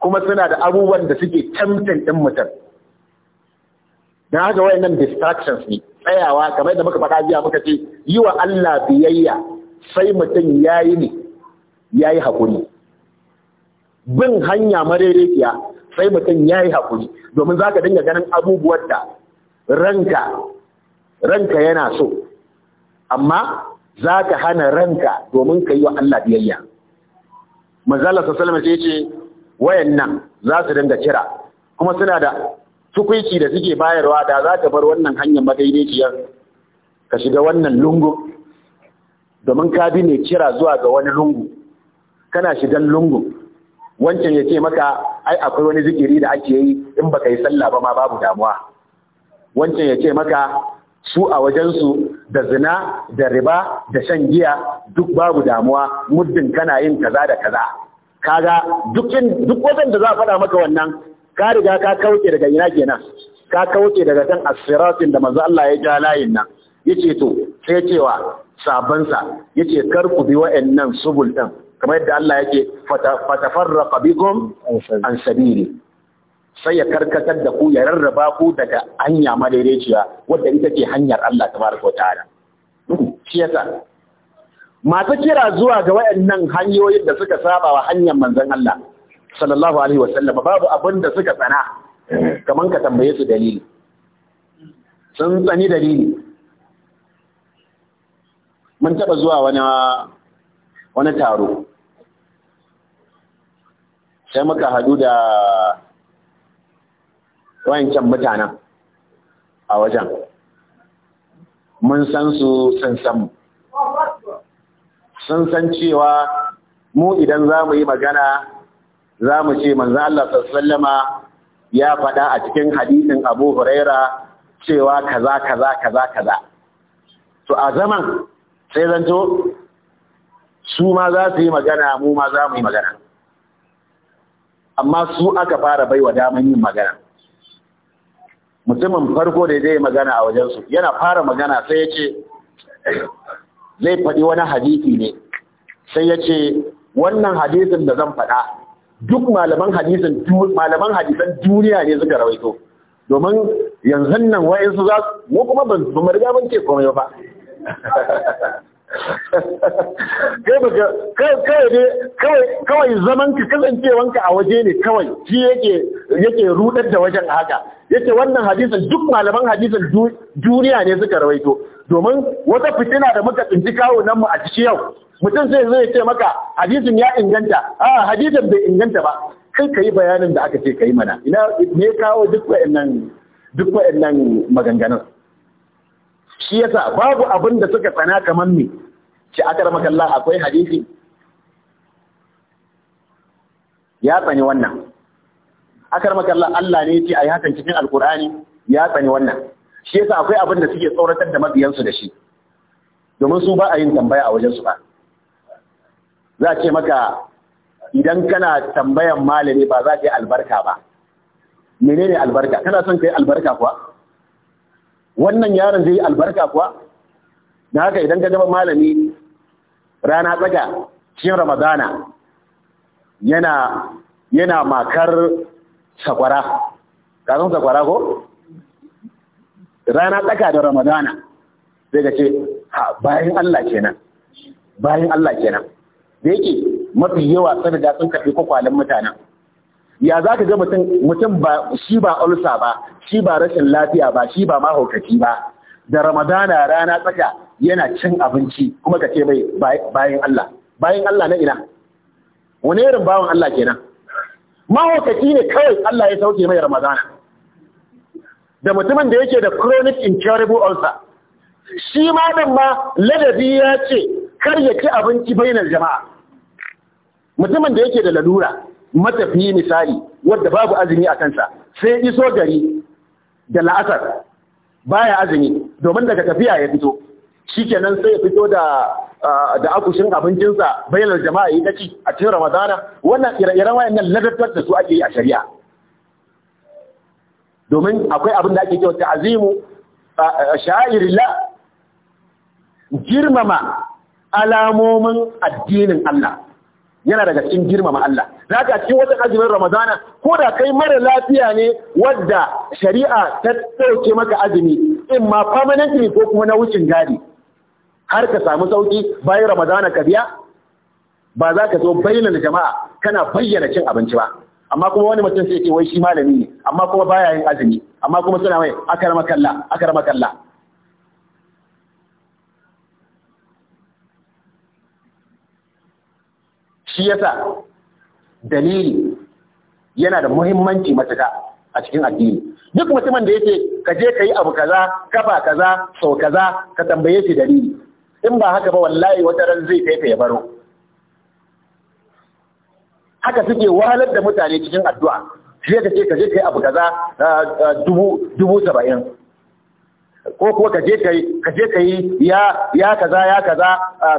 kuma suna da abubuwan da suke camfin ɗin mutum don haka wayannan distractions ne tsayawa kamar da muka faɗa jiya muka ce yi wa Allah biyayya sai mutum ya ne ya yi haƙuri bin hanya marereciya sai mutum ya yi haƙuri domin za ka dinga ganin abubuwan da ranka ranka yana so amma za ka hana ranka domin ka yi wa Allah biyayya manzala sassalma ce ce wayan nan za su dinga kira kuma suna da tukuici da suke bayarwa da za ka bar wannan hanyar madaidaiciyar ka shiga wannan lungu domin ka bi mai kira zuwa ga wani lungu kana shigan lungu wancan ya ce maka ai akwai wani zikiri da ake yi in baka yi sallah ba ma babu damuwa wancan ya ce maka su a wajensu da zina da riba da shan giya duk babu damuwa muddin kana yin kaza da kaza kaga duk duk wajen da za a faɗa maka wannan ka riga ka kauce daga ina kenan ka kauke daga kan asiratin da manzo Allah ya ja layin nan yace to sai cewa sabansa yace kar ku bi wa'annan subul din kamar yadda Allah yake fatafarraqa bikum an sabili sai ya karkatar da ku ya rarraba ku daga hanya madaidaiciya wadda ita ce hanyar Allah tabaraka ta'ala hmm, shi yasa masu kira zuwa ga wayannan hanyoyin da suka saba wa hanyar manzon Allah sallallahu alaihi wasallam babu abin da suka tsana kaman ka tambaye su dalili sun tsani dalili mun taba zuwa wani wani taro sai muka hadu da wancan mutanen a wajen mun san su sun san sun san cewa mu idan za mu yi magana za mu ce manzan Allah sassallama ya faɗa a cikin hadisin abu huraira cewa kaza kaza kaza kaza to a zaman sai zanto su ma za su yi magana mu ma za mu yi magana amma su aka fara bai wa daman yin magana mutumin farko da zai magana a wajensu yana fara magana sai ya ce zai faɗi wani hadisi ne sai ya ce wannan hadisin da zan faɗa duk malaman hadisin malaman hadisan duniya ne suka rawaito domin yanzu nan wa'insu za su mu kuma ban riga ban ce komai ba kawai zaman ka kasancewanka a waje ne kawai shi yake rudar da wajen haka yake wannan hadisin duk malaman hadisin duniya ne suka rawaito domin wata fitina da muka tsinci kawo nan mu a ciki yau mutum sai zai ce maka hadisin ya inganta a hadisin bai inganta ba kai yi bayanin da aka ce ka yi mana ina ne kawo duk wa'annan duk wa'annan maganganun shi yasa babu abin da suka tsana kamar shi ci akar makalla akwai hadisi ya tsani wannan akar makalla Allah ne ce a yi hakan cikin alkur'ani ya tsani wannan shi yasa akwai abin da suke tsoratar da mabiyansu da shi domin su ba a yin tambaya a wajensu ba za ce maka idan kana tambayan malami ba za ka yi albarka ba menene albarka kana son ka yi albarka kuwa wannan yaron zai yi albarka kuwa da haka idan ka gaba malami rana tsaga cikin ramadana yana yana makar sakwara kasan sakwara ko rana tsaka da ramadana zai ga ce ha bayan Allah kenan bayan Allah kenan da yake mafi yawa sanada sun karfi kwakwalen mutanen ya za ka ga mutum ba shi ba ulsa ba shi ba rashin lafiya ba shi ba mahaukaci ba da ramadana rana tsaka yana cin abinci kuma ka ce mai bayan Allah bayan Allah na ina wani irin bawan Allah kenan mahaukaci ne kawai Allah ya sauke mai ramadana da mutumin da yake da chronic incurable ulsa, shi ma din ma ladabi ya ce kar ya ci abinci bainar jama'a mutumin da yake da lalura matafiyi misali wadda babu azumi a kansa sai iso gari da la'asar baya azumi domin daga tafiya ya fito shi kenan sai ya fito da da akushin abincinsa bayanar jama'a yi kaci a cikin ramadana wannan ire-iren wayannan ladattar da su ake yi a shari'a domin akwai abin da ake kyauta azimu sha'irillah girmama alamomin addinin Allah yana daga cikin girmama Allah Za ka cikin watan azumin Ramadana ko da kai mara lafiya ne wadda shari'a ta ɗauke maka azumi in ma permanently ko kuma na wucin gadi har ka samu sauki bayan Ramadana ka biya ba za ka zo bayyana jama'a kana bayyana cin abinci ba amma kuma wani mutum sai ke wai shi malami ne amma kuma baya yin azumi amma kuma suna mai akarama kalla akarama kalla shi yasa dalili yana da muhimmanci matuka a cikin addini duk mutumin da yake ka je ka yi abu kaza kafa kaza sau kaza ka tambaye shi dalili in ba haka ba wallahi wata ran zai kai ya baro haka suke wahalar da mutane cikin addu'a shi ka ce ka je ka yi abu kaza dubu saba'in ko kuwa ka je ka yi ya kaza ya kaza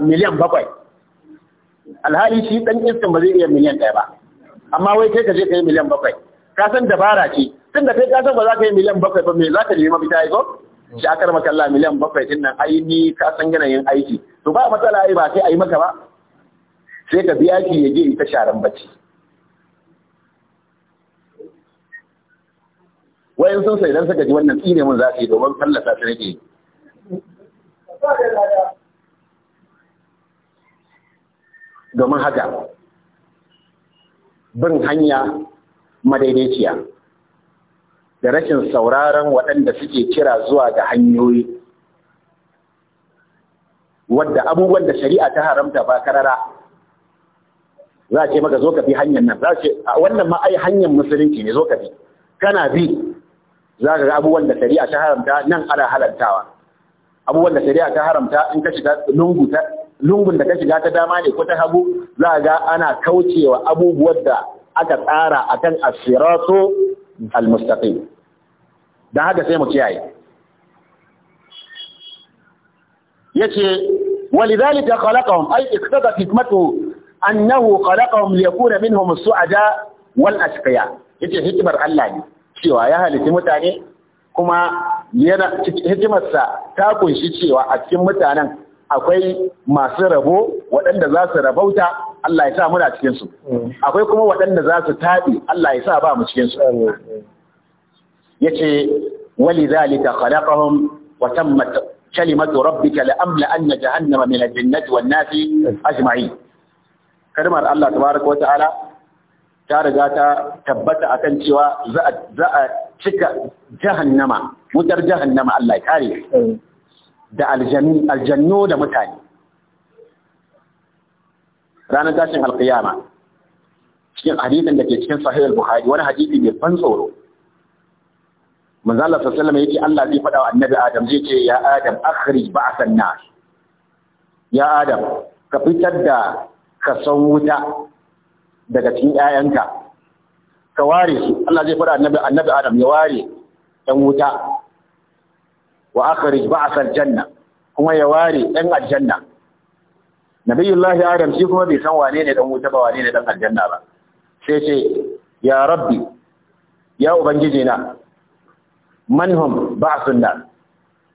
miliyan bakwai alhali shi dan iskan ba zai iya miliyan ɗaya ba amma wai kai ka je ka yi miliyan bakwai ka san dabara ce tun da kai ka san ba za ka yi miliyan bakwai ba me za ka nemi mafita ya zo shi akar maka Allah miliyan bakwai din nan ai ni ka san yanayin aiki to ba matsala ai ba sai a yi maka ba sai ka biya ki ya je ta sharan bacci wayan sun sai dan saka ji wannan tsine mun za su yi domin fallasa su nake domin haka bin hanya madaidaiciya da rashin sauraron waɗanda suke kira zuwa ga hanyoyi wadda abubuwan da shari'a ta haramta ba karara za a ce maka zo ka bi hanyar nan za a ce wannan ma hanyar musulunci ne zo ka bi kana bi za ka ga abubuwan da shari'a ta haramta nan ana halartawa, abubuwan da shari'a ta haramta in ka shiga lungu ta lungun da ka shiga ta dama ne ko ta hagu za ga ana kaucewa abubuwan da aka tsara akan asiratu almustaqim dan haka sai mu kiyaye yace ولذلك خلقهم أي اقتضى حكمته أنه خلقهم su'ada wal ashqiya yace hikmar Allah ne cewa ya halitta mutane kuma yana hikimarsa ta kunshi cewa a cikin mutanen akwai masu rabo waɗanda za su rabauta Allah ya sa muna cikinsu akwai kuma waɗanda za su taɓi Allah ya sa ba mu cikinsu ya ce wali zalika khalaqahum wa tammat kalimatu rabbika la amla anna jahannama min al-jinnati wan nasi ajma'in kalmar Allah tabaraka wa ta'ala ta riga ta tabbata akan cewa za a cika jahannama wutar jahannama Allah ya kare da aljannu da mutane ranar tashin alkiyama cikin hadisin da ke cikin sahih buhari wani hadisi mai ban tsoro manzo sassalama ya ce yake Allah zai faɗa wa annabi Adam zai ce ya Adam ba a sanna ya Adam ka fitar da ka san wuta daga cikin ƴaƴanka ka ware su Allah zai faɗa annabi annabi Adam ya ware ɗan wuta wa akhrij ba'sal janna kuma ya ware dan aljanna nabiyullahi adam shi kuma bai san wane ne dan wuta ba wane ne dan aljanna ba sai ce ya rabbi ya ubangiji na manhum ba'sun sunna.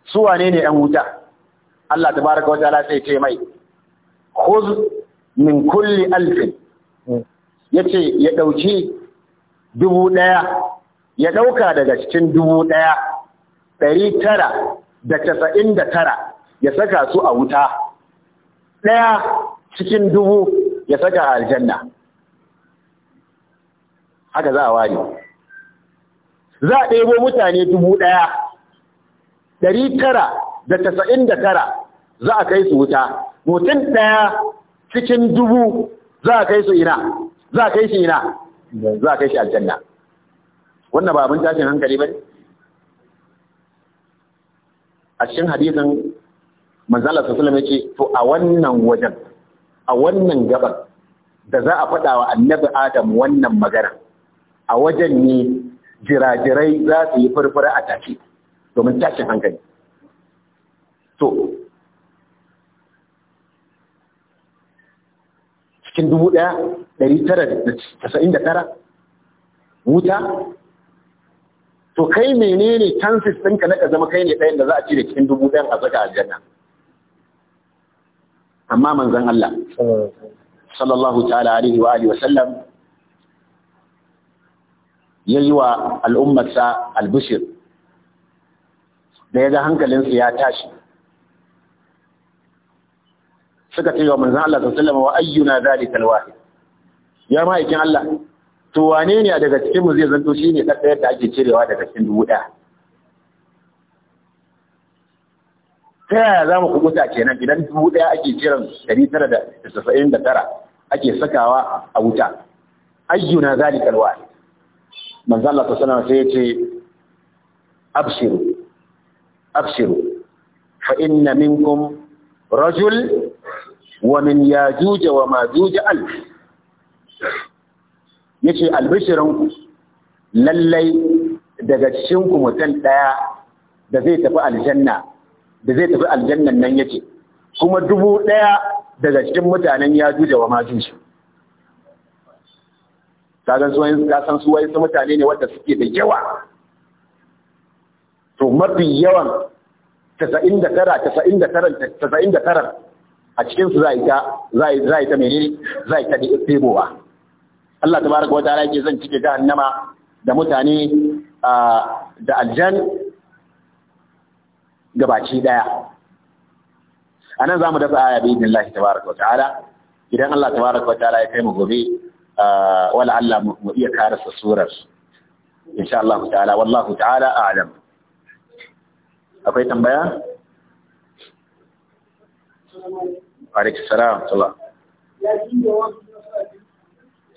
su wane ne yan wuta Allah tabaraka wata ta'ala sai ce mai khuz min kulli alfin yace ya ɗauki dubu daya ya ɗauka daga cikin dubu ɗaya. ɗari tara da casa'in da tara ya saka su a wuta ɗaya cikin dubu ya saka a aljanna haka za a ware za a ɗebo mutane dubu ɗaya ɗari tara da casa'in da tara za a kai su wuta mutum ɗaya cikin dubu za a kai su ina za a kai shi ina za a kai shi aljanna wannan ba abin tashin hankali ba ne a cikin hadisin manzala sallallahu alaihi ce to a wannan wajen a wannan gaban da za a faɗa wa annabi Adam wannan magana a wajen ne jirajirai za su yi furfura a tashi domin tashin hankali to cikin dubu ɗaya ɗari tara da casa'in da tara wuta to kai menene chances ɗinka na ka zama kai ne ɗayan da za a cire cikin dubu ɗayan a saka aljanna amma manzon Allah sallallahu ta'ala alaihi wa alihi wa sallam yayi wa al'ummarsa albushir da ya ga hankalinsu ya tashi suka ce wa manzon Allah sallallahu alaihi wa ayyuna dhalika alwahid ya ma'aikin Allah to wane ne a daga cikinmu zai zanto shi ne ɗaɗɗayar da ake cirewa daga cikin dubu ɗaya ta yaya za mu kubuta kenan idan dubu ɗaya ake ciran ɗari tara da da tara ake sakawa a wuta ayyuna zalika alwahid manzo ta sanar sai ya ce abshiru abshiru fa inna minkum rajul wa min yajuja wa juja alf yace albishirinku lallai daga cikin ku mutum daya da zai tafi aljanna da zai tafi aljannan nan yace kuma dubu daya daga cikin mutanen ya da wa majuju kaga suwayin su suwayin su mutane ne wanda suke da yawa to mafi yawan 99 a cikinsu za a yi ta menene za a yi ta ɗebowa Allah tabaraka wa ta'ala yake zan cike jahannama da mutane da aljan gabaci daya anan zamu dafa aya bi idnillahi tabaraka wa ta'ala idan Allah tabaraka wa ta'ala ya kai mu gobe wala Allah mu iya karasa surar insha Allah ta'ala wallahu ta'ala a'lam akwai tambaya alaikum salam sallallahu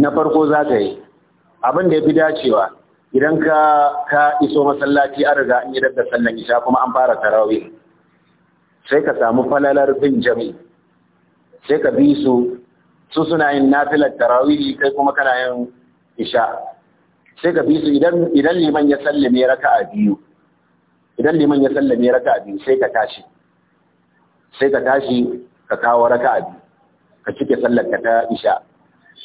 na farko za ka yi abin da ya fi dacewa idan ka iso masallaci an riga an yi da sallan isha kuma an fara tarawih sai ka samu falalar bin jami sai ka bi su su suna yin nafilar tarawih kai kuma kana yin isha sai ka bi su idan idan liman ya sallame raka'a biyu idan liman ya sallame raka'a biyu sai ka tashi sai ka tashi ka kawo raka'a biyu ka cike sallar ka ta isha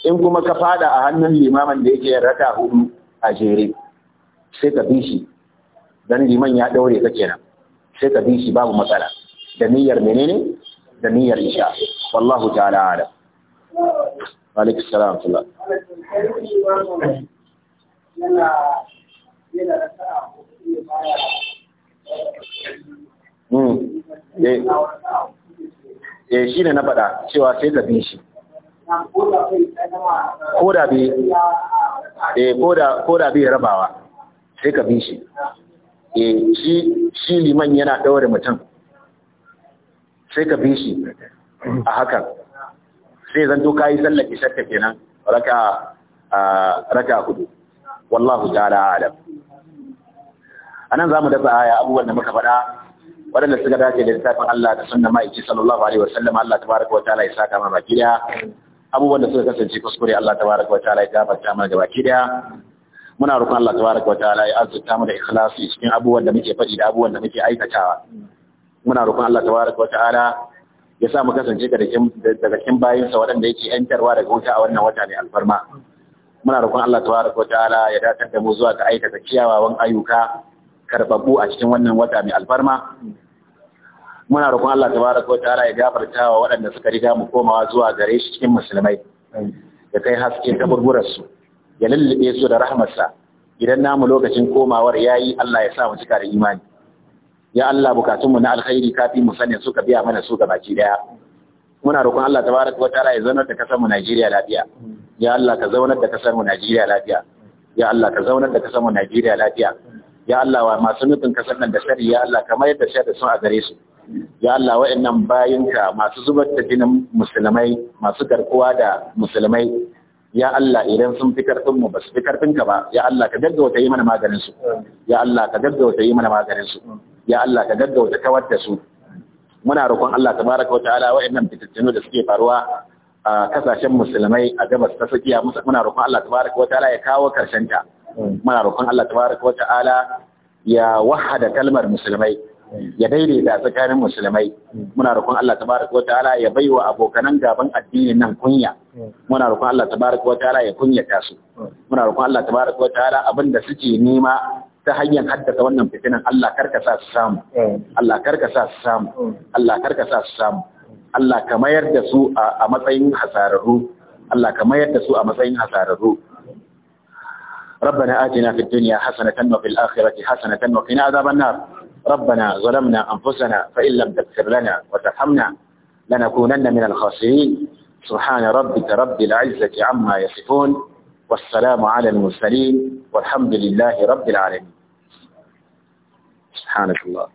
in kuma ka fada a hannun limamin da yake raka'a hudu a jere sai ka bi shi dan liman ya daure ka kenan sai ka bi shi babu matsala da niyyar menene da niyyar isha wallahu ta'ala alam Malik Salam Sula. Hmm. Eh, eh shi ne na faɗa cewa sai zafin shi. Koda bi eh koda bi rabawa sai ka bin shi. Eh shi shi liman yana ɗaure mutum sai ka bin shi a hakan. sai zanto ka yi sallar isharka kenan raka raka hudu wallahu ta'ala alam anan zamu dafa aya abubuwan da muka faɗa waɗanda suka dace da littafin Allah da sunna ma'aiki sallallahu alaihi wa sallam Allah tabaraka wa ta'ala ya saka mana baki daya abubuwan da suka kasance kuskure Allah tabaraka wa ta'ala ya gafarta mana da baki daya muna roƙon Allah tabaraka wa ta'ala ya azurta mu da ikhlasi cikin abubuwan da muke faɗi da abubuwan da muke aikatawa muna roƙon Allah tabaraka wa ta'ala ya sa mu kasance daga cikin bayansa waɗanda yake ‘yantarwa daga wuta a wannan wata ne alfarma. Muna roƙon Allah tabaraka wa ya datar da mu zuwa ga aikata kiyawawan ayyuka karɓaɓɓu a cikin wannan wata mai alfarma. Muna roƙon Allah tabaraka ta ya gafarta wa waɗanda suka riga mu komawa zuwa gare shi cikin musulmai. Ya kai haske burburar su, ya lullube su da rahmarsa. Idan namu lokacin komawar ya yi Allah ya sa mu cika da imani. ya Allah bukatunmu na alkhairi kafi mu sanin suka biya mana su baki daya muna roƙon Allah tabaraka wa ta'ala ya zaunar da kasar mu Najeriya lafiya ya Allah ka zaunar da kasar mu Najeriya lafiya ya Allah ka zaunar da kasar mu Najeriya lafiya ya Allah wa masu nufin kasar nan da sharri ya Allah ka mayar da sun a gare su ya Allah wa'annan bayinka masu zubar da jinin musulmai masu garkuwa da musulmai ya Allah idan sun fi karfin mu ba su fi karfin ka ba ya Allah ka gaggauta yi mana maganin su ya Allah ka gaggauta yi mana maganin su ya Allah ka gaggauta kawar da su muna roƙon Allah tabaraka wa ta'ala wa'annan fitattunu da suke faruwa a kasashen musulmai a gabas ta tsakiya muna roƙon Allah tabaraka wa ta'ala ya kawo karshen ta muna roƙon Allah tabaraka wa ta'ala ya wahada kalmar musulmai ya daidaita tsakanin musulmai muna roƙon Allah tabaraka wataala ya baiwa abokanan gaban addinin nan kunya muna roƙon Allah tabaraka wataala ya kunyata su muna roƙon Allah tabaraka wataala abinda suke nema ta hanyar haddasa wannan fitinan Allah karka sa su samu Allah karka sa su samu Allah karka sa su samu Allah ka mayar da su a matsayin hasararru Allah ka mayar da su a matsayin hasararru ربنا آتنا في الدنيا حسنة وفي الآخرة حسنة وقنا عذاب النار ربنا ظلمنا أنفسنا فإن لم تغفر لنا وترحمنا لنكونن من الخاسرين سبحان ربك رب العزة عما يصفون والسلام على المرسلين والحمد لله رب العالمين سبحانك الله